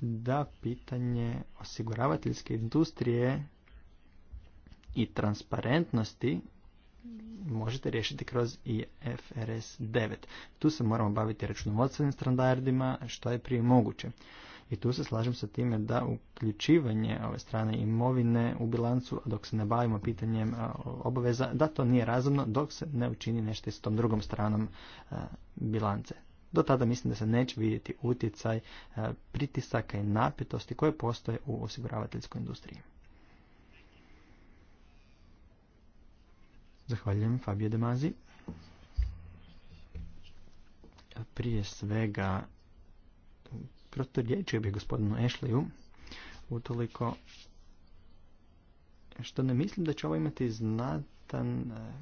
da pitanje osiguravateljske industrije i transparentnosti možete riješiti kroz IFRS 9. Tu se moramo baviti računovodstvenim standardima što je prije moguće. I tu se slažem sa time da uključivanje ove strane imovine u bilancu dok se ne bavimo pitanjem obaveza da to nije razumno dok se ne učini nešto s tom drugom stranom bilance. Do tada mislim da se neće vidjeti utjecaj e, pritisaka i napetosti koje postoje u osiguravateljskoj industriji. Zahvaljujem Fabio Demazi. Prije svega proturječio bih gospodinu Ešliju utoliko što ne mislim da će ovo imati znatan e,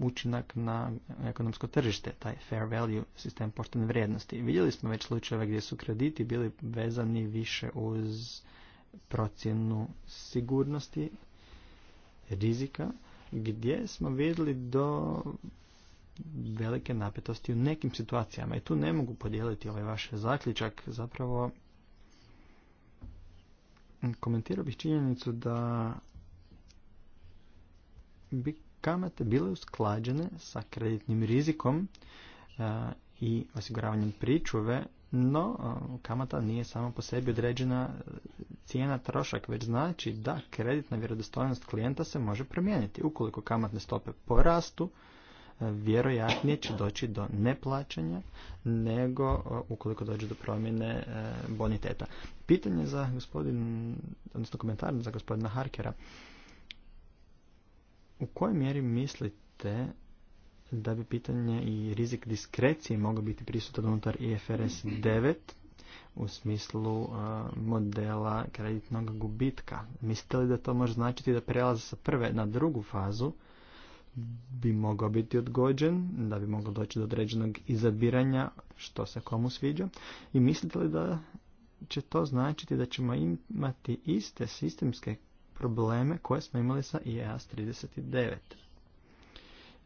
učinak na ekonomsko tržište, taj fair value sistem poštene vrijednosti. Vidjeli smo već slučajeve gdje su krediti bili vezani više uz procjenu sigurnosti, rizika, gdje smo vidjeli do velike napetosti u nekim situacijama. I tu ne mogu podijeliti ovaj vaš zaključak. Zapravo komentirao bih činjenicu da bi kamate bile usklađene sa kreditnim rizikom e, i osiguravanjem pričuve, no e, kamata nije samo po sebi određena e, cijena trošak, već znači da kreditna vjerodostojnost klijenta se može promijeniti. Ukoliko kamatne stope porastu, vjerojatnije će doći do neplaćanja nego ukoliko dođe do promjene boniteta. Pitanje za gospodin, odnosno komentar za gospodina Harkera. U kojoj mjeri mislite da bi pitanje i rizik diskrecije mogao biti prisutan unutar IFRS 9 u smislu uh, modela kreditnog gubitka? Mislite li da to može značiti da prelaze sa prve na drugu fazu bi mogao biti odgođen, da bi mogao doći do određenog izabiranja što se komu sviđa i mislite li da će to značiti da ćemo imati iste sistemske probleme koje smo imali sa IAS 39.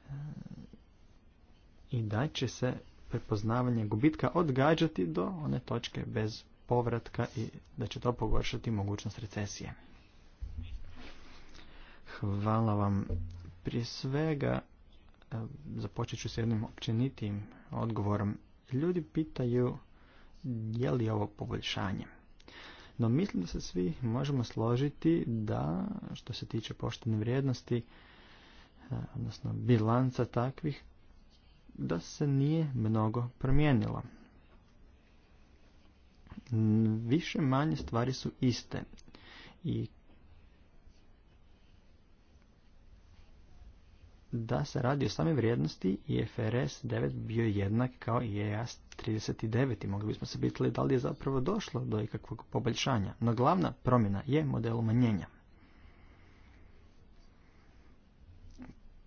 E, I da će se prepoznavanje gubitka odgađati do one točke bez povratka i da će to pogoršati mogućnost recesije. Hvala vam. Prije svega e, započet ću s jednim općenitijim odgovorom. Ljudi pitaju je li ovo poboljšanje. No mislim da se svi možemo složiti da što se tiče poštene vrijednosti, eh, odnosno bilanca takvih, da se nije mnogo promijenilo. Više manje stvari su iste i da se radi o same vrijednosti i frs 9 bio jednak kao i EAS 39 mogli bismo se pitali da li je zapravo došlo do ikakvog poboljšanja, no glavna promjena je model umanjenja.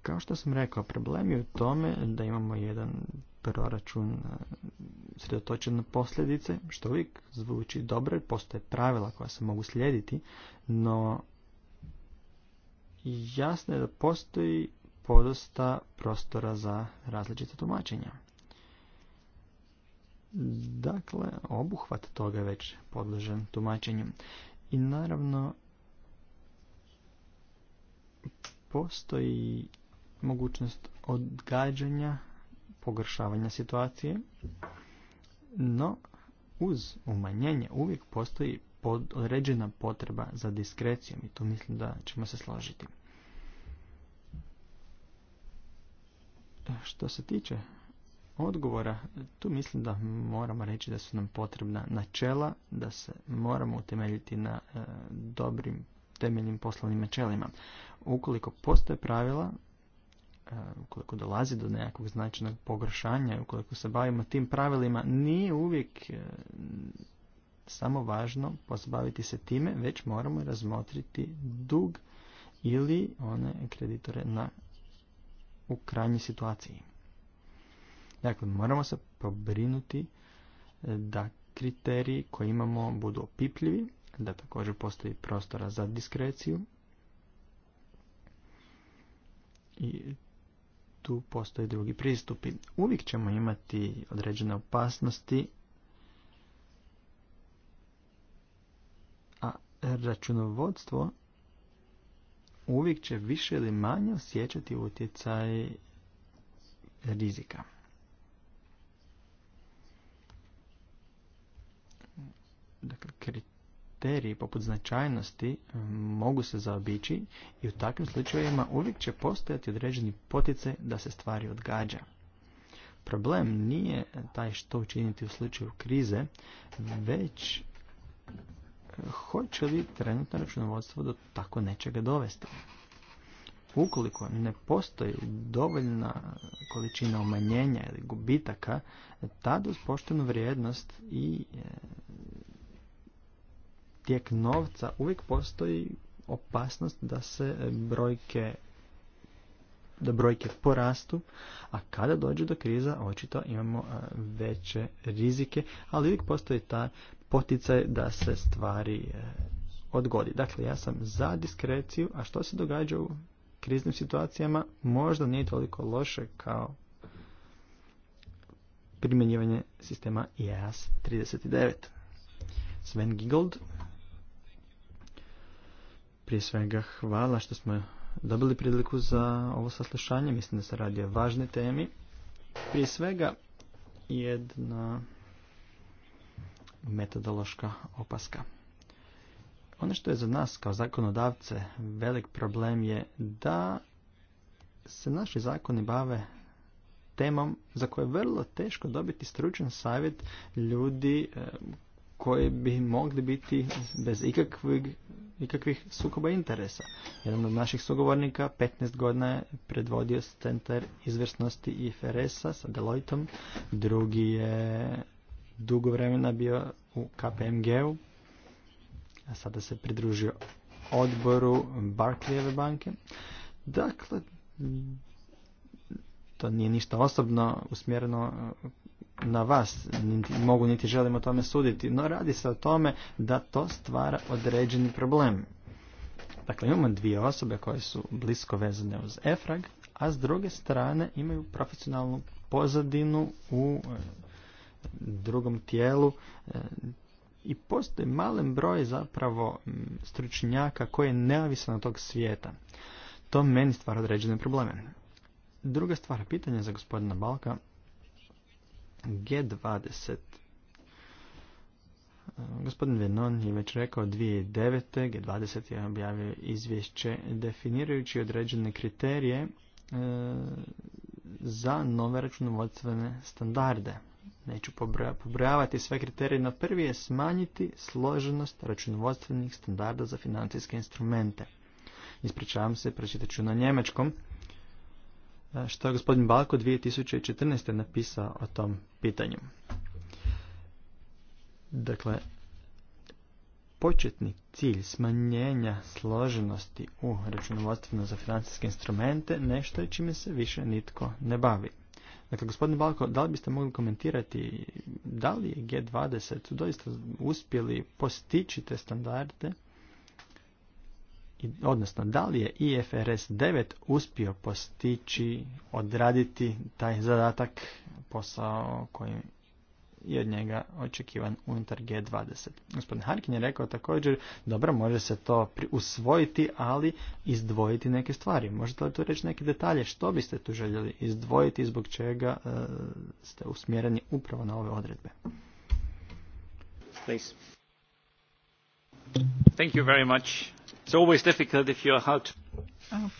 Kao što sam rekao, problem je u tome da imamo jedan proračun e, sredotočen na posljedice, što uvijek zvuči dobro jer postoje pravila koja se mogu slijediti, no jasno je da postoji podosta prostora za različite tumačenja. Dakle, obuhvat toga je već podložen tumačenju. I naravno, postoji mogućnost odgađanja, pogoršavanja situacije, no uz umanjenje uvijek postoji određena potreba za diskrecijom i to mislim da ćemo se složiti. E, što se tiče odgovora, tu mislim da moramo reći da su nam potrebna načela, da se moramo utemeljiti na e, dobrim temeljnim poslovnim načelima. Ukoliko postoje pravila, e, ukoliko dolazi do nekakvog značajnog pogoršanja, ukoliko se bavimo tim pravilima, nije uvijek samo važno pozbaviti se time, već moramo razmotriti dug ili one kreditore na u krajnjoj situaciji. Dakle, moramo se pobrinuti e, da kriteriji koje imamo budu opipljivi, da također postoji prostora za diskreciju i tu postoje drugi pristupi. Uvijek ćemo imati određene opasnosti, a računovodstvo uvijek će više ili manje osjećati utjecaj rizika. Dakle, kriteriji poput značajnosti eh, mogu se zaobići i u takvim slučajevima uvijek će postojati određeni potice da se stvari odgađa. Problem nije taj što učiniti u slučaju krize, već hoće li trenutno računovodstvo do tako nečega dovesti? Ukoliko ne postoji dovoljna količina umanjenja ili gubitaka, tada uz poštenu vrijednost i e, tijek novca uvijek postoji opasnost da se e, brojke da brojke porastu, a kada dođe do kriza očito imamo e, veće rizike, ali uvijek postoji ta poticaj da se stvari eh, odgodi. Dakle, ja sam za diskreciju, a što se događa u kriznim situacijama možda nije toliko loše kao primjenjivanje sistema IAS e 39. Sven Gigold, Prije svega hvala što smo dobili priliku za ovo saslušanje. Mislim da se radi o važnoj temi. Prije svega jedna metodološka opaska. Ono što je za nas kao zakonodavce velik problem je da se naši zakoni bave temom za koje je vrlo teško dobiti stručan savjet ljudi e, koji bi mogli biti bez ikakvih, ikakvih sukoba interesa. Jedan od naših sugovornika 15 godina je predvodio centar izvrsnosti IFRS-a sa Deloitom, drugi je dugo vremena bio u KPMG-u, a sada se pridružio odboru Barclayeve banke. Dakle, to nije ništa osobno usmjereno uh, na vas, mogu niti želimo o tome suditi, no radi se o tome da to stvara određeni problem. Dakle, imamo dvije osobe koje su blisko vezane uz EFRAG, a s druge strane imaju profesionalnu pozadinu u uh, drugom tijelu e, i postoji malen broj zapravo stručnjaka koji je neovisan od tog svijeta. To meni stvara određene probleme. Druga stvar, pitanje za gospodina Balka. G20. E, gospodin Venon je već rekao 2009. G20 je objavio izvješće definirajući određene kriterije e, za nove računovodstvene standarde neću pobrojavati sve kriterije, no prvi je smanjiti složenost računovodstvenih standarda za financijske instrumente. Ispričavam se, pročitat ću na njemačkom, e, što je gospodin Balko 2014. napisao o tom pitanju. Dakle, početni cilj smanjenja složenosti u računovodstveno za financijske instrumente nešto je čime se više nitko ne bavi. Dakle, gospodine Balko, da li biste mogli komentirati da li je G20 doista uspjeli postići te standarde? odnosno da li je IFRS 9 uspio postići, odraditi taj zadatak, posao kojim i od njega očekivan unutar G20. Gospodin Harkin je rekao također, dobro, može se to usvojiti, ali izdvojiti neke stvari. Možete li tu reći neke detalje što biste tu željeli izdvojiti i zbog čega e, ste usmjereni upravo na ove odredbe? Please. Thank you very much. It's always difficult if are hard to...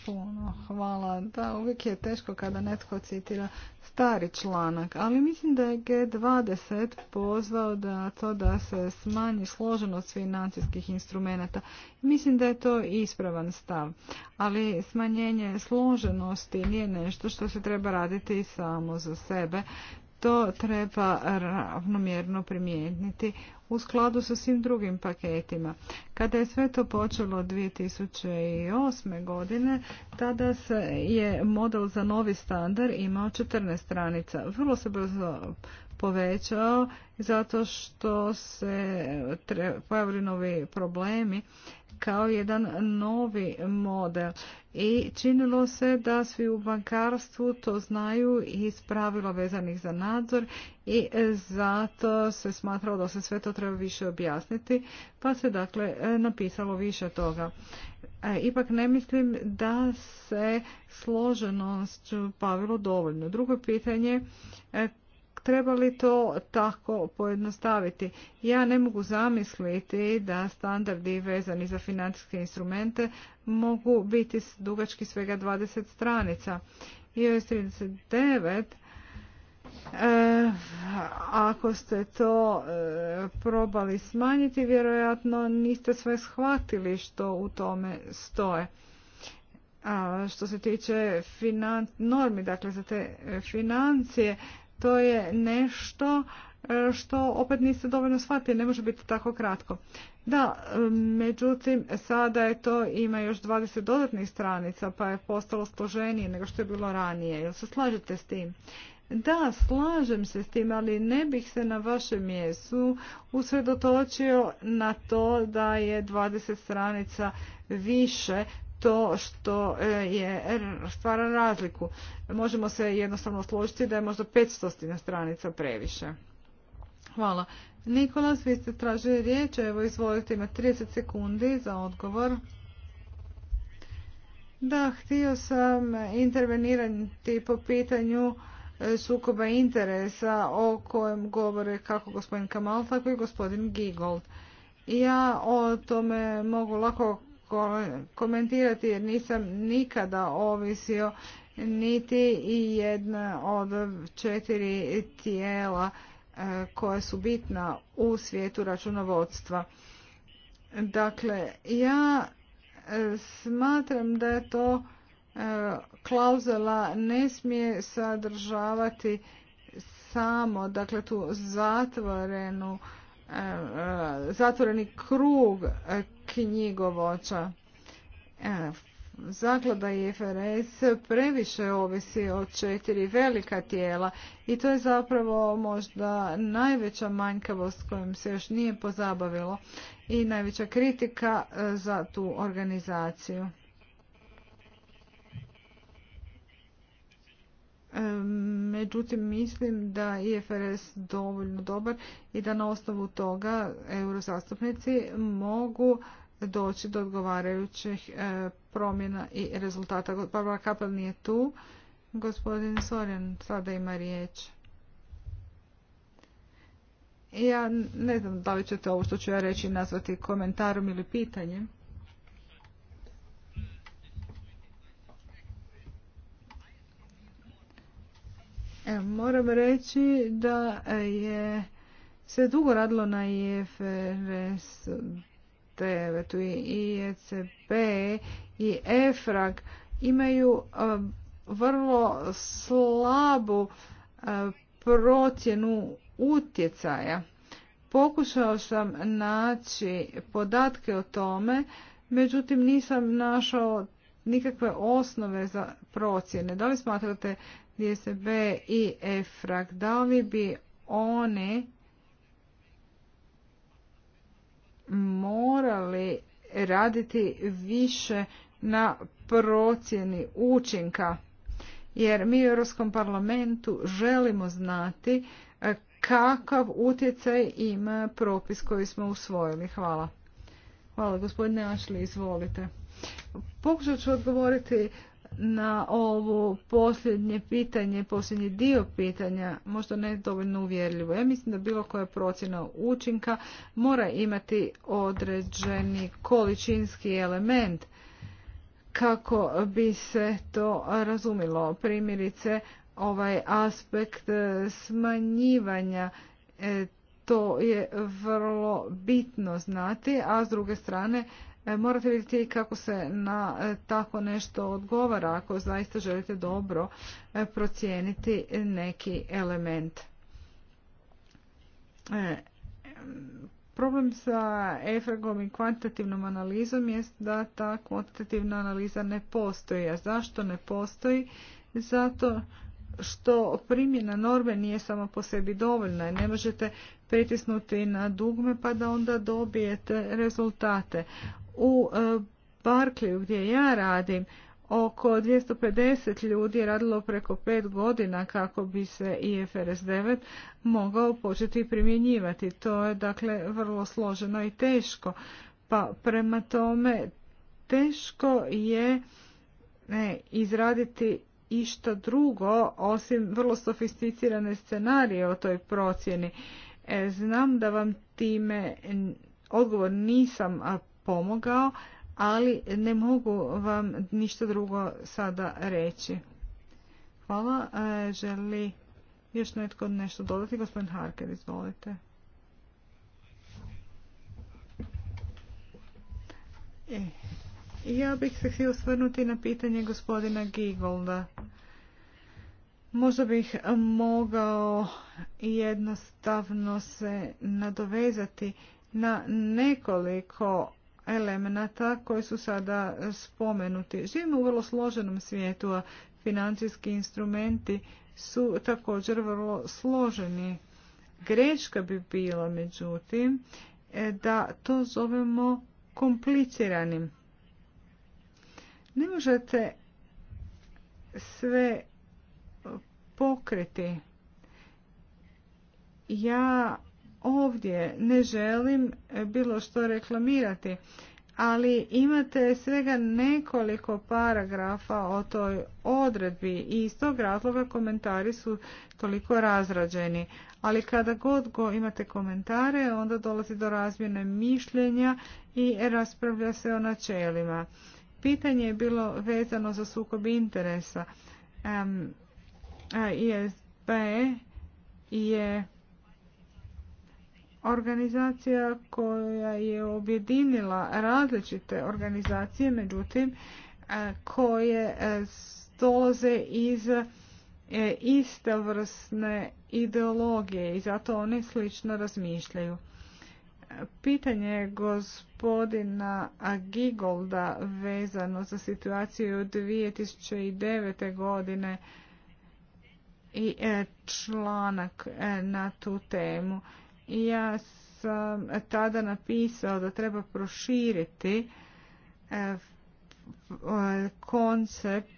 Puno hvala. Da, uvijek je teško kada netko citira stari članak, ali mislim da je G20 pozvao da to da se smanji složenost financijskih instrumenata. Mislim da je to ispravan stav, ali smanjenje složenosti nije nešto što se treba raditi samo za sebe, to treba ravnomjerno primijeniti u skladu sa svim drugim paketima. Kada je sve to počelo 2008. godine, tada se je model za novi standard imao 14 stranica. Vrlo se brzo povećao zato što se pojavili novi problemi kao jedan novi model i činilo se da svi u bankarstvu to znaju iz pravila vezanih za nadzor i zato se smatralo da se sve to treba više objasniti pa se dakle napisalo više toga. E, ipak ne mislim da se složenost e, pavilo dovoljno. Drugo pitanje e, treba li to tako pojednostaviti? Ja ne mogu zamisliti da standardi vezani za financijske instrumente mogu biti dugački svega 20 stranica. iOS 39 E, eh, ako ste to eh, probali smanjiti, vjerojatno niste sve shvatili što u tome stoje. A što se tiče normi, dakle za te eh, financije, to je nešto e, što opet niste dovoljno shvatili, ne može biti tako kratko. Da, međutim, sada je to, ima još 20 dodatnih stranica, pa je postalo složenije nego što je bilo ranije. Jel se slažete s tim? Da, slažem se s tim, ali ne bih se na vašem mjestu usredotočio na to da je 20 stranica više to što e, je stvara razliku. Možemo se jednostavno složiti da je možda 500 stranica previše. Hvala. Nikolas, vi ste tražili riječ, evo izvolite, ima 30 sekundi za odgovor. Da, htio sam intervenirati po pitanju e, sukoba interesa o kojem govore kako gospodin Kamal, tako i gospodin Gigold. Ja o tome mogu lako komentirati jer nisam nikada ovisio niti i jedna od četiri tijela e, koja su bitna u svijetu računovodstva. Dakle, ja e, smatram da je to e, klauzela ne smije sadržavati samo dakle tu zatvorenu E, e, zatvoreni krug e, knjigovoća Zaklada IFRS previše ovisi o četiri velika tijela i to je zapravo možda najveća manjkavost kojom se još nije pozabavilo i najveća kritika za tu organizaciju. E, međutim, mislim da IFRS dovoljno dobar i da na osnovu toga eurozastupnici mogu doći do odgovarajućih e, promjena i rezultata. pa, Kapel nije tu. Gospodin Sorjan sada ima riječ. Ja ne znam da li ćete ovo što ću ja reći nazvati komentarom ili pitanjem. E, moram reći da je se dugo radilo na IFRS tu i IECP i EFRAG e imaju e, vrlo slabu procjenu utjecaja. Pokušao sam naći podatke o tome, međutim nisam našao nikakve osnove za procjene. Da li smatrate DSB i frak, da li bi oni morali raditi više na procjeni učinka jer mi u Europskom parlamentu želimo znati e, kakav utjecaj ima propis koji smo usvojili. Hvala. Hvala gospodine Ašli, izvolite. Pokušat ću odgovoriti na ovo posljednje pitanje, posljednji dio pitanja, možda ne dovoljno uvjerljivo. Ja mislim da bilo koja procjena učinka mora imati određeni količinski element kako bi se to razumilo. Primjerice, ovaj aspekt smanjivanja e, to je vrlo bitno znati, a s druge strane E, morate vidjeti kako se na e, tako nešto odgovara ako zaista želite dobro e, procijeniti neki element. Problem sa efragom i kvantitativnom analizom je da ta kvantitativna analiza ne postoji. A zašto ne postoji? Zato što primjena norme nije samo po sebi dovoljna ne možete pritisnuti na dugme pa da onda dobijete rezultate. U e, Barkliju gdje ja radim oko 250 ljudi je radilo preko 5 godina kako bi se IFRS 9 mogao početi primjenjivati. To je dakle vrlo složeno i teško. Pa prema tome teško je ne, izraditi išta drugo osim vrlo sofisticirane scenarije o toj procjeni. E, znam da vam time odgovor nisam pomogao, ali ne mogu vam ništa drugo sada reći. Hvala. E, želi još netko nešto dodati? Gospodin Harker, izvolite. E, ja bih se htio osvrnuti na pitanje gospodina Gigolda. Možda bih mogao jednostavno se nadovezati na nekoliko elemenata koji su sada spomenuti. Živimo u vrlo složenom svijetu, a financijski instrumenti su također vrlo složeni. Greška bi bila, međutim, e, da to zovemo kompliciranim. Ne možete sve pokriti. Ja ovdje. Ne želim e, bilo što reklamirati, ali imate svega nekoliko paragrafa o toj odredbi i iz tog razloga komentari su toliko razrađeni. Ali kada god go imate komentare, onda dolazi do razmjene mišljenja i raspravlja se o načelima. Pitanje je bilo vezano za sukob interesa. Um, je organizacija koja je objedinila različite organizacije, međutim e, koje e, dolaze iz e, vrsne ideologije i zato one slično razmišljaju. Pitanje gospodina Gigolda vezano za situaciju 2009. godine i članak na tu temu. Ja sam tada napisao da treba proširiti e, koncept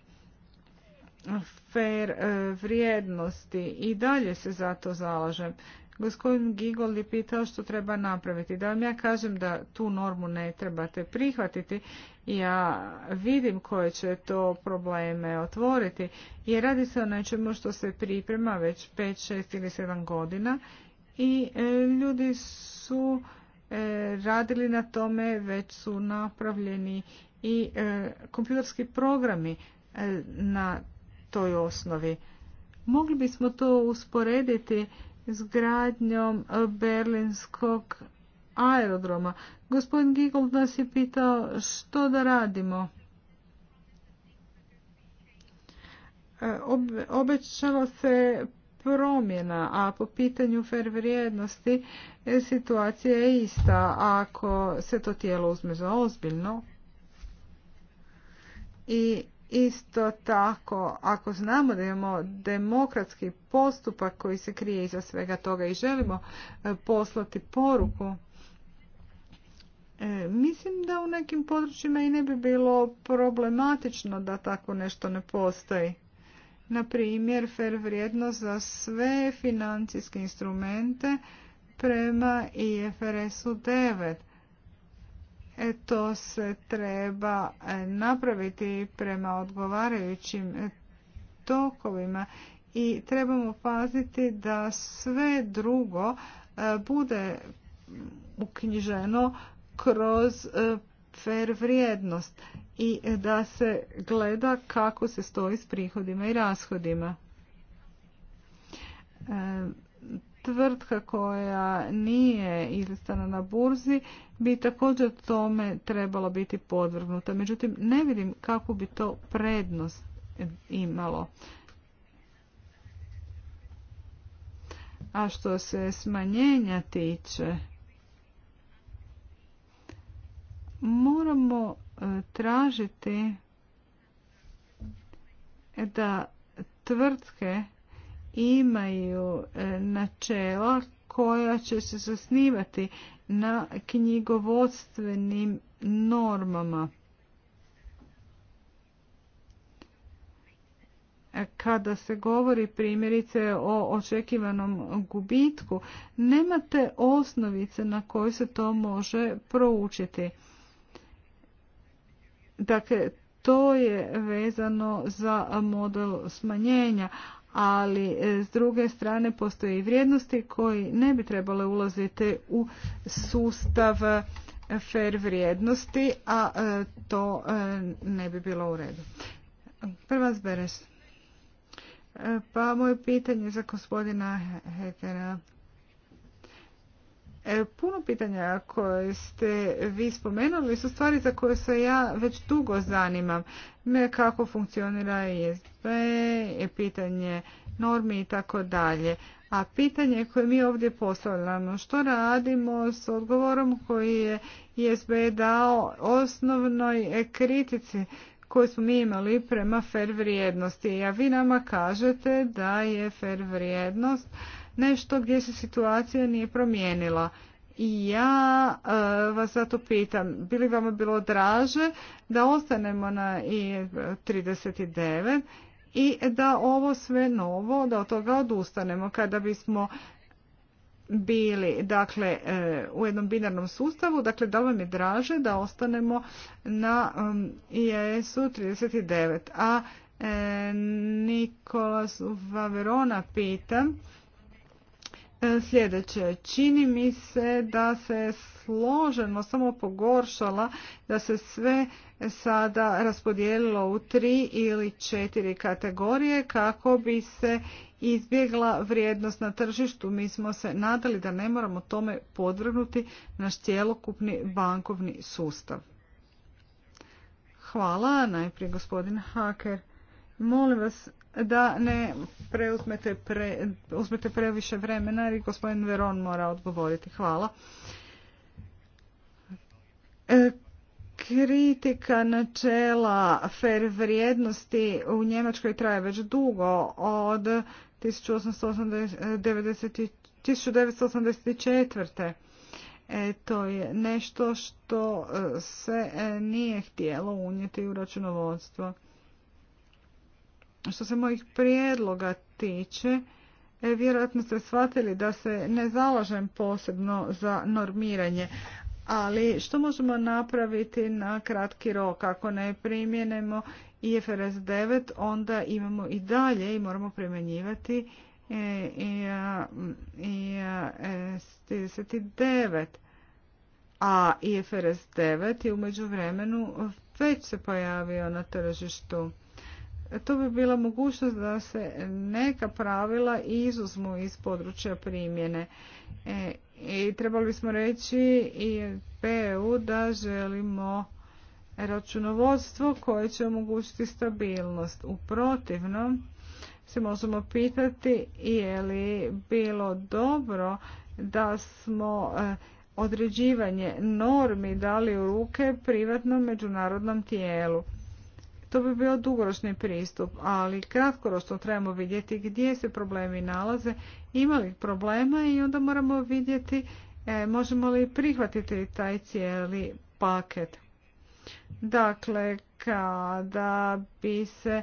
fair e, vrijednosti i dalje se za to zalažem. Gospodin Gigol je pitao što treba napraviti. Da vam ja kažem da tu normu ne trebate prihvatiti, ja vidim koje će to probleme otvoriti. Jer radi se o nečemu što se priprema već 5, 6 ili 7 godina i e, ljudi su e, radili na tome, već su napravljeni i e, kompjuterski programi na toj osnovi. Mogli bismo to usporediti s gradnjom berlinskog aerodroma. Gospodin Gikov nas je pitao što da radimo. Obećalo se promjena, a po pitanju fer vrijednosti e, situacija je ista ako se to tijelo uzme za ozbiljno. I isto tako, ako znamo da imamo demokratski postupak koji se krije iza svega toga i želimo e, poslati poruku, e, mislim da u nekim područjima i ne bi bilo problematično da tako nešto ne postoji na primjer fer vrijednost za sve financijske instrumente prema IFRS-u 9. E, to se treba e, napraviti prema odgovarajućim e, tokovima i trebamo paziti da sve drugo e, bude uknjiženo kroz fair vrijednost i da se gleda kako se stoji s prihodima i rashodima. E, tvrtka koja nije izlistana na burzi bi također tome trebalo biti podvrgnuta. Međutim, ne vidim kako bi to prednost imalo. A što se smanjenja tiče, moramo e, tražiti da tvrtke imaju e, načela koja će se zasnivati na knjigovodstvenim normama. E, kada se govori primjerice o očekivanom gubitku, nemate osnovice na koju se to može proučiti. Dakle, to je vezano za model smanjenja, ali e, s druge strane postoje i vrijednosti koji ne bi trebale ulaziti u sustav e, fer vrijednosti, a e, to ne bi bilo u redu. Prva zberes. Pa moje pitanje za gospodina Hekera. E, puno pitanja koje ste vi spomenuli su stvari za koje se ja već dugo zanimam. Kako funkcionira ISB, pitanje normi i tako dalje. A pitanje koje mi ovdje postavljamo, što radimo s odgovorom koji je ISB dao osnovnoj kritici koju smo mi imali prema fer vrijednosti. A vi nama kažete da je fer vrijednost nešto gdje se situacija nije promijenila. I ja e, vas zato pitam, bi li vam bilo draže da ostanemo na I39 i da ovo sve novo, da od toga odustanemo kada bismo bili dakle e, u jednom binarnom sustavu, dakle da vam je draže da ostanemo na is u 39. A e, Nikolas Vaverona pitam E, sljedeće. Čini mi se da se složeno samo pogoršala, da se sve sada raspodijelilo u tri ili četiri kategorije kako bi se izbjegla vrijednost na tržištu. Mi smo se nadali da ne moramo tome podvrgnuti naš cjelokupni bankovni sustav. Hvala, najprije gospodin Haker. Molim vas da ne preuzmete pre, uzmete previše vremena jer gospodin Veron mora odgovoriti. Hvala. E, kritika načela fer vrijednosti u Njemačkoj traje već dugo od 1984. E, to je nešto što e, se e, nije htjelo unijeti u računovodstvo. Što se mojih prijedloga tiče, e, vjerojatno ste shvatili da se ne zalažem posebno za normiranje, ali što možemo napraviti na kratki rok? Ako ne primjenemo IFRS 9, onda imamo i dalje i moramo primjenjivati e, i 39. A IFRS 9 je umeđu vremenu već se pojavio na tržištu to bi bila mogućnost da se neka pravila izuzmu iz područja primjene. E, I trebali bismo reći i PEU da želimo računovodstvo koje će omogućiti stabilnost. U protivnom se možemo pitati je li bilo dobro da smo e, određivanje normi dali u ruke privatnom međunarodnom tijelu. To bi bio dugoročni pristup, ali kratkoročno trebamo vidjeti gdje se problemi nalaze, ima li problema i onda moramo vidjeti e, možemo li prihvatiti taj cijeli paket. Dakle, kada bi se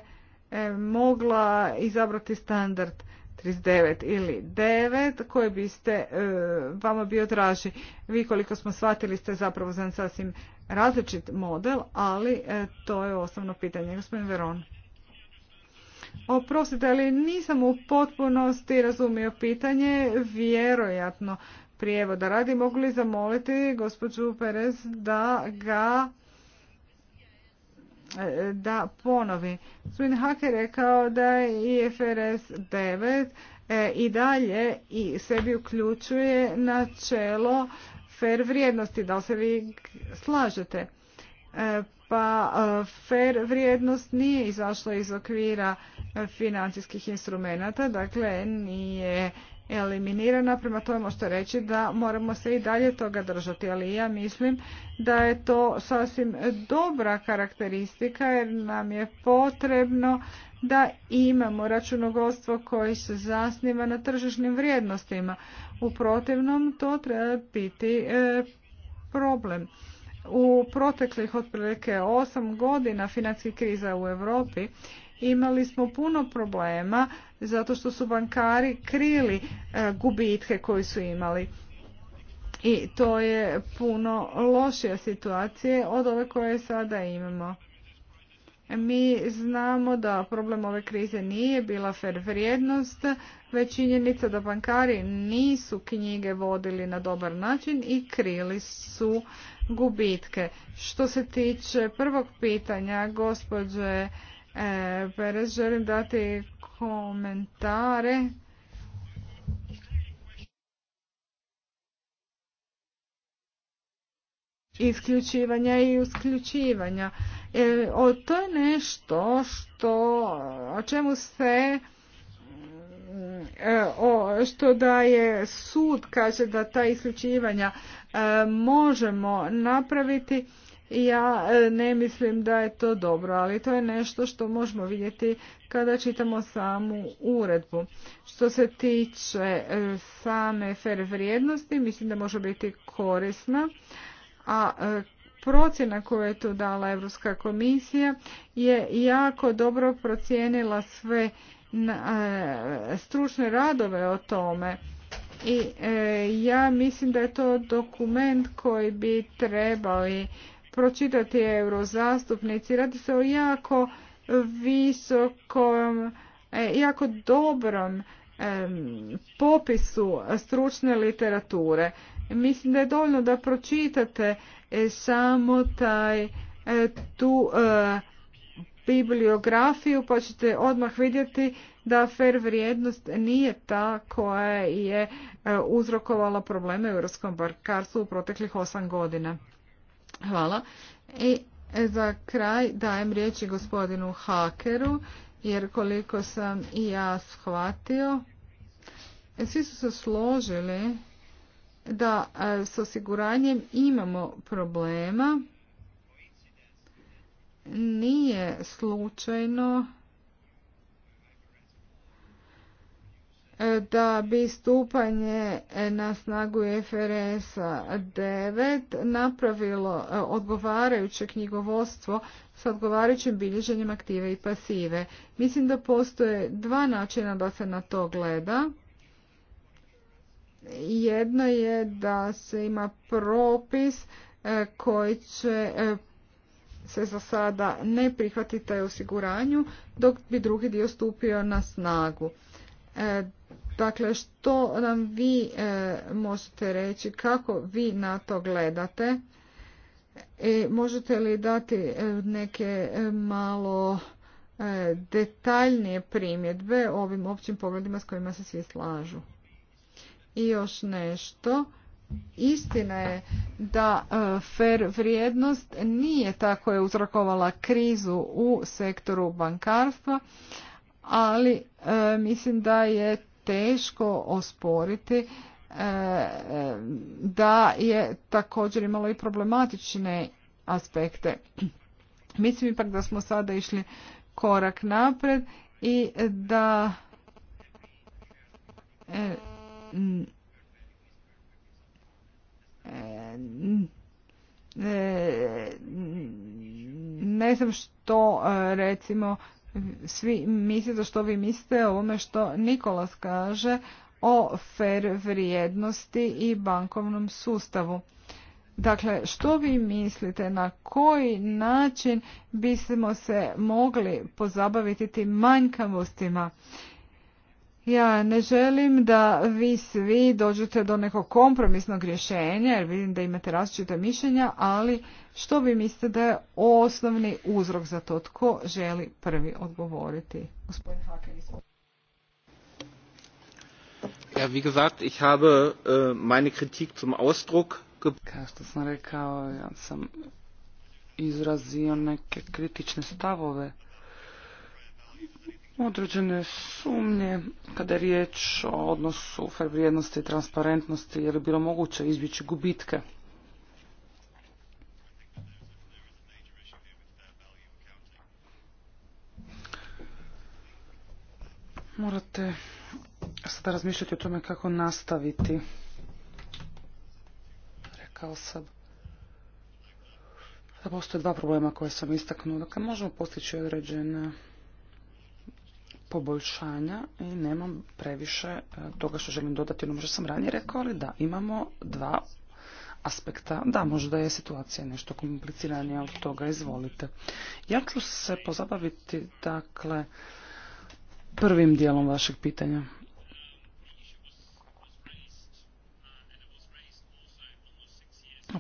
e, mogla izabrati standard 39 ili 9 koji biste e, vama bio draži. Vi koliko smo shvatili ste zapravo za sasvim različit model, ali e, to je osnovno pitanje. Gospodin Veron. Oprostite, ali nisam u potpunosti razumio pitanje. Vjerojatno prijevoda radi mogu li zamoliti gospođu Perez da ga e, da ponovi. Gospodin Hak je rekao da je IFRS 9 e, i dalje i sebi uključuje čelo fer vrijednosti, da li se vi slažete? E, pa e, fer vrijednost nije izašla iz okvira e, financijskih instrumenata, dakle nije eliminirana, prema tome možete reći da moramo se i dalje toga držati, ali ja mislim da je to sasvim dobra karakteristika jer nam je potrebno da imamo računovodstvo koje se zasniva na tržišnim vrijednostima. U protivnom to treba biti e, problem. U proteklih otprilike 8 godina financijskih kriza u Europi imali smo puno problema zato što su bankari krili e, gubitke koje su imali. I to je puno lošija situacija od ove koje sada imamo. E, mi znamo da problem ove krize nije bila fer vrijednost, već činjenica da bankari nisu knjige vodili na dobar način i krili su gubitke. Što se tiče prvog pitanja gospođe E, Perez. Pa želim dati komentare. isključivanja i usključivanja. E, o, to je nešto što, o čemu se e, što da je sud kaže da ta isključivanja možemo napraviti ja e, ne mislim da je to dobro, ali to je nešto što možemo vidjeti kada čitamo samu uredbu. Što se tiče e, same fer vrijednosti, mislim da može biti korisna, a e, procjena koju je tu dala Europska komisija je jako dobro procijenila sve stručne radove o tome. I ja mislim da je to dokument koji bi trebali pročitati eurozastupnici. Radi se o jako visokom, e, jako dobrom popisu stručne literature. Mislim da je dovoljno da pročitate e, samo taj e, tu bibliografiju pa ćete odmah vidjeti da fer vrijednost nije ta koja je uzrokovala probleme u europskom bankarstvu u proteklih osam godina. Hvala. I e, za kraj dajem riječi gospodinu Hakeru, jer koliko sam i ja shvatio, svi su se složili da e, s osiguranjem imamo problema. Nije slučajno da bi stupanje na snagu FRS-a 9 napravilo e, odgovarajuće knjigovodstvo s odgovarajućim bilježenjem aktive i pasive. Mislim da postoje dva načina da se na to gleda. Jedno je da se ima propis e, koji će e, se za sada ne prihvatiti taj osiguranju, dok bi drugi dio stupio na snagu. Dakle, što nam vi e, možete reći, kako vi na to gledate? E, možete li dati e, neke e, malo detaljnije primjedbe ovim općim pogledima s kojima se svi slažu? I još nešto. Istina je da fer vrijednost nije ta koja je uzrokovala krizu u sektoru bankarstva, ali mislim da je teško osporiti da je također imalo i problematične aspekte. Mislim ipak da smo sada išli korak napred i da ne znam što recimo svi mislite što vi mislite o ovome što Nikolas kaže o fer vrijednosti i bankovnom sustavu. Dakle, što vi mislite, na koji način bismo se mogli pozabaviti tim manjkavostima ja ne želim da vi svi dođete do nekog kompromisnog rješenja, jer vidim da imate različite mišljenja, ali što vi mislite da je osnovni uzrok za to? Tko želi prvi odgovoriti? Gospodin Ja, wie habe äh, meine Kritik zum Ausdruck Kao što sam rekao, ja sam izrazio neke kritične stavove određene sumnje kada je riječ o odnosu fer vrijednosti i transparentnosti, je li bilo moguće izbjeći gubitke? Morate sada razmišljati o tome kako nastaviti. Rekao sam da postoje dva problema koje sam istaknula. Dakle, možemo postići određene poboljšanja i nemam previše e, toga što želim dodati ono što sam ranije rekao, ali da, imamo dva aspekta. Da, možda je situacija nešto kompliciranija od toga, izvolite. Ja ću se pozabaviti, dakle, prvim dijelom vašeg pitanja.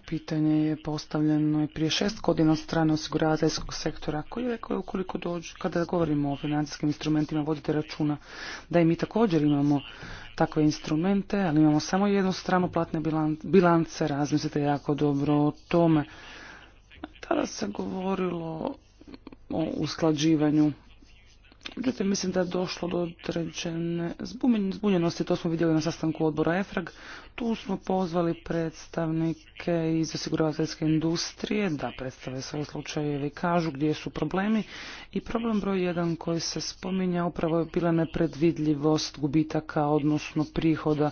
pitanje je postavljeno i prije šest godina od strane osiguravateljskog sektora koji je rekao ukoliko dođu, kada govorimo o financijskim instrumentima, vodite računa da i mi također imamo takve instrumente, ali imamo samo jednu stranu platne bilance, razmislite jako dobro o tome. Tada se govorilo o usklađivanju Međutim, mislim da je došlo do određene zbunjenosti, to smo vidjeli na sastanku odbora EFRAG. Tu smo pozvali predstavnike iz osiguravateljske industrije da predstave svoje slučajeve i kažu gdje su problemi. I problem broj jedan koji se spominja upravo je bila nepredvidljivost gubitaka, odnosno prihoda.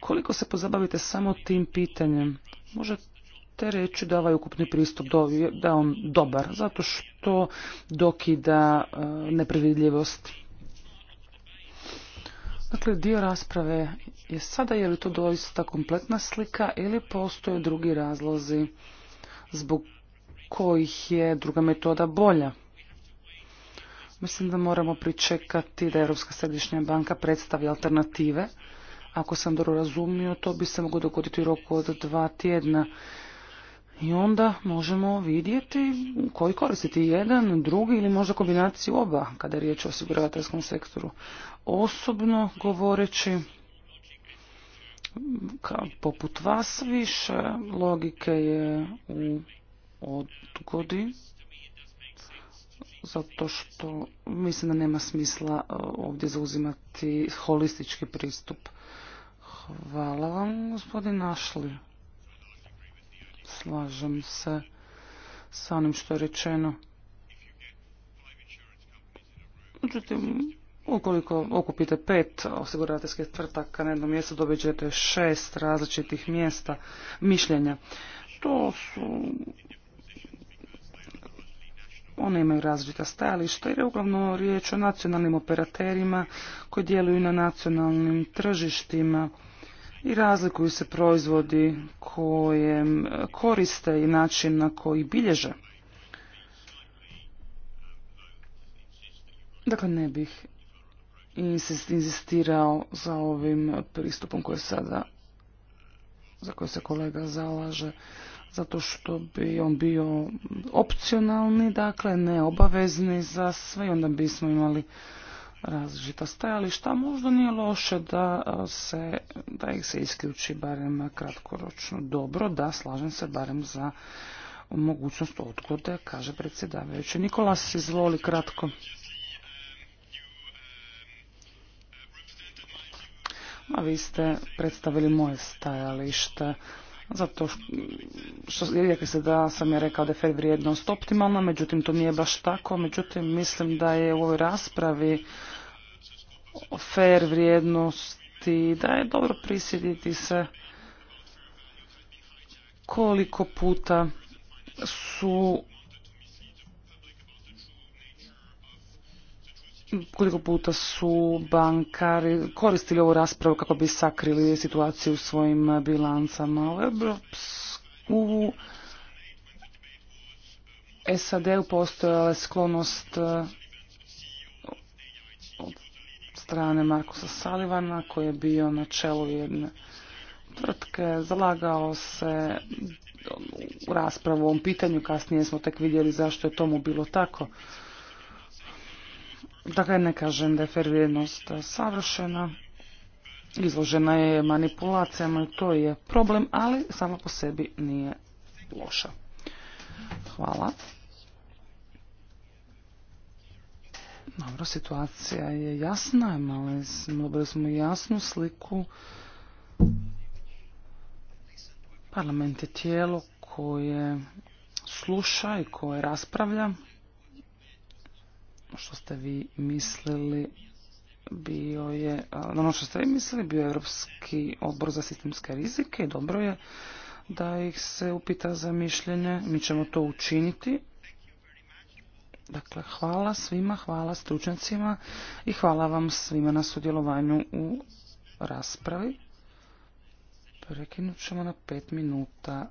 Koliko se pozabavite samo tim pitanjem, možete te reći da ovaj ukupni pristup da on dobar, zato što dokida e, neprevidljivost. Dakle, dio rasprave je sada je li to doista kompletna slika ili postoje drugi razlozi zbog kojih je druga metoda bolja. Mislim da moramo pričekati da Europska središnja banka predstavi alternative. Ako sam dobro razumio, to bi se moglo dogoditi u roku od dva tjedna. I onda možemo vidjeti koji koristiti jedan, drugi ili možda kombinaciju oba kada je riječ o osiguravateljskom sektoru. Osobno govoreći, poput vas više, logike je u odgodi, zato što mislim da nema smisla e, ovdje zauzimati holistički pristup. Hvala vam, gospodin Našli. Slažem se sa onim što je rečeno. Međutim, ukoliko okupite pet osiguravateljskih tvrtaka na jednom mjestu, dobit ćete šest različitih mjesta mišljenja. To su... One imaju različita stajališta jer je uglavnom riječ o nacionalnim operaterima koji djeluju na nacionalnim tržištima i razlikuju se proizvodi koje koriste i način na koji bilježe. Dakle, ne bih insistirao za ovim pristupom koji sada, za koje se kolega zalaže, zato što bi on bio opcionalni, dakle, neobavezni za sve i onda bismo imali različita stajališta, možda nije loše da, se, da ih se isključi barem kratkoročno. Dobro, da, slažem se barem za mogućnost odgode, kaže predsjedavajući. Nikolas, izvoli kratko. A vi ste predstavili moje stajalište zato što, rekli se da sam je rekao da je fer vrijednost optimalna, međutim to nije baš tako, međutim mislim da je u ovoj raspravi fer vrijednosti, da je dobro prisjetiti se koliko puta su koliko puta su bankari koristili ovu raspravu kako bi sakrili situaciju u svojim bilancama. U Evropsku SAD-u postojala je sklonost e, od strane Markusa Salivana koji je bio na čelu jedne tvrtke, zalagao se u raspravu o ovom pitanju, kasnije smo tek vidjeli zašto je tomu bilo tako. Dakle, ne kažem da je savršena, izložena je manipulacijama i to je problem, ali sama po sebi nije loša. Hvala. Dobro, situacija je jasna, imali smo, smo jasnu sliku. Parlament je tijelo koje sluša i koje raspravlja što ste vi mislili bio je, ono što ste vi mislili bio je Europski odbor za sistemske rizike i dobro je da ih se upita za mišljenje. Mi ćemo to učiniti. Dakle, hvala svima, hvala stručnjacima i hvala vam svima na sudjelovanju u raspravi. Prekinut ćemo na pet minuta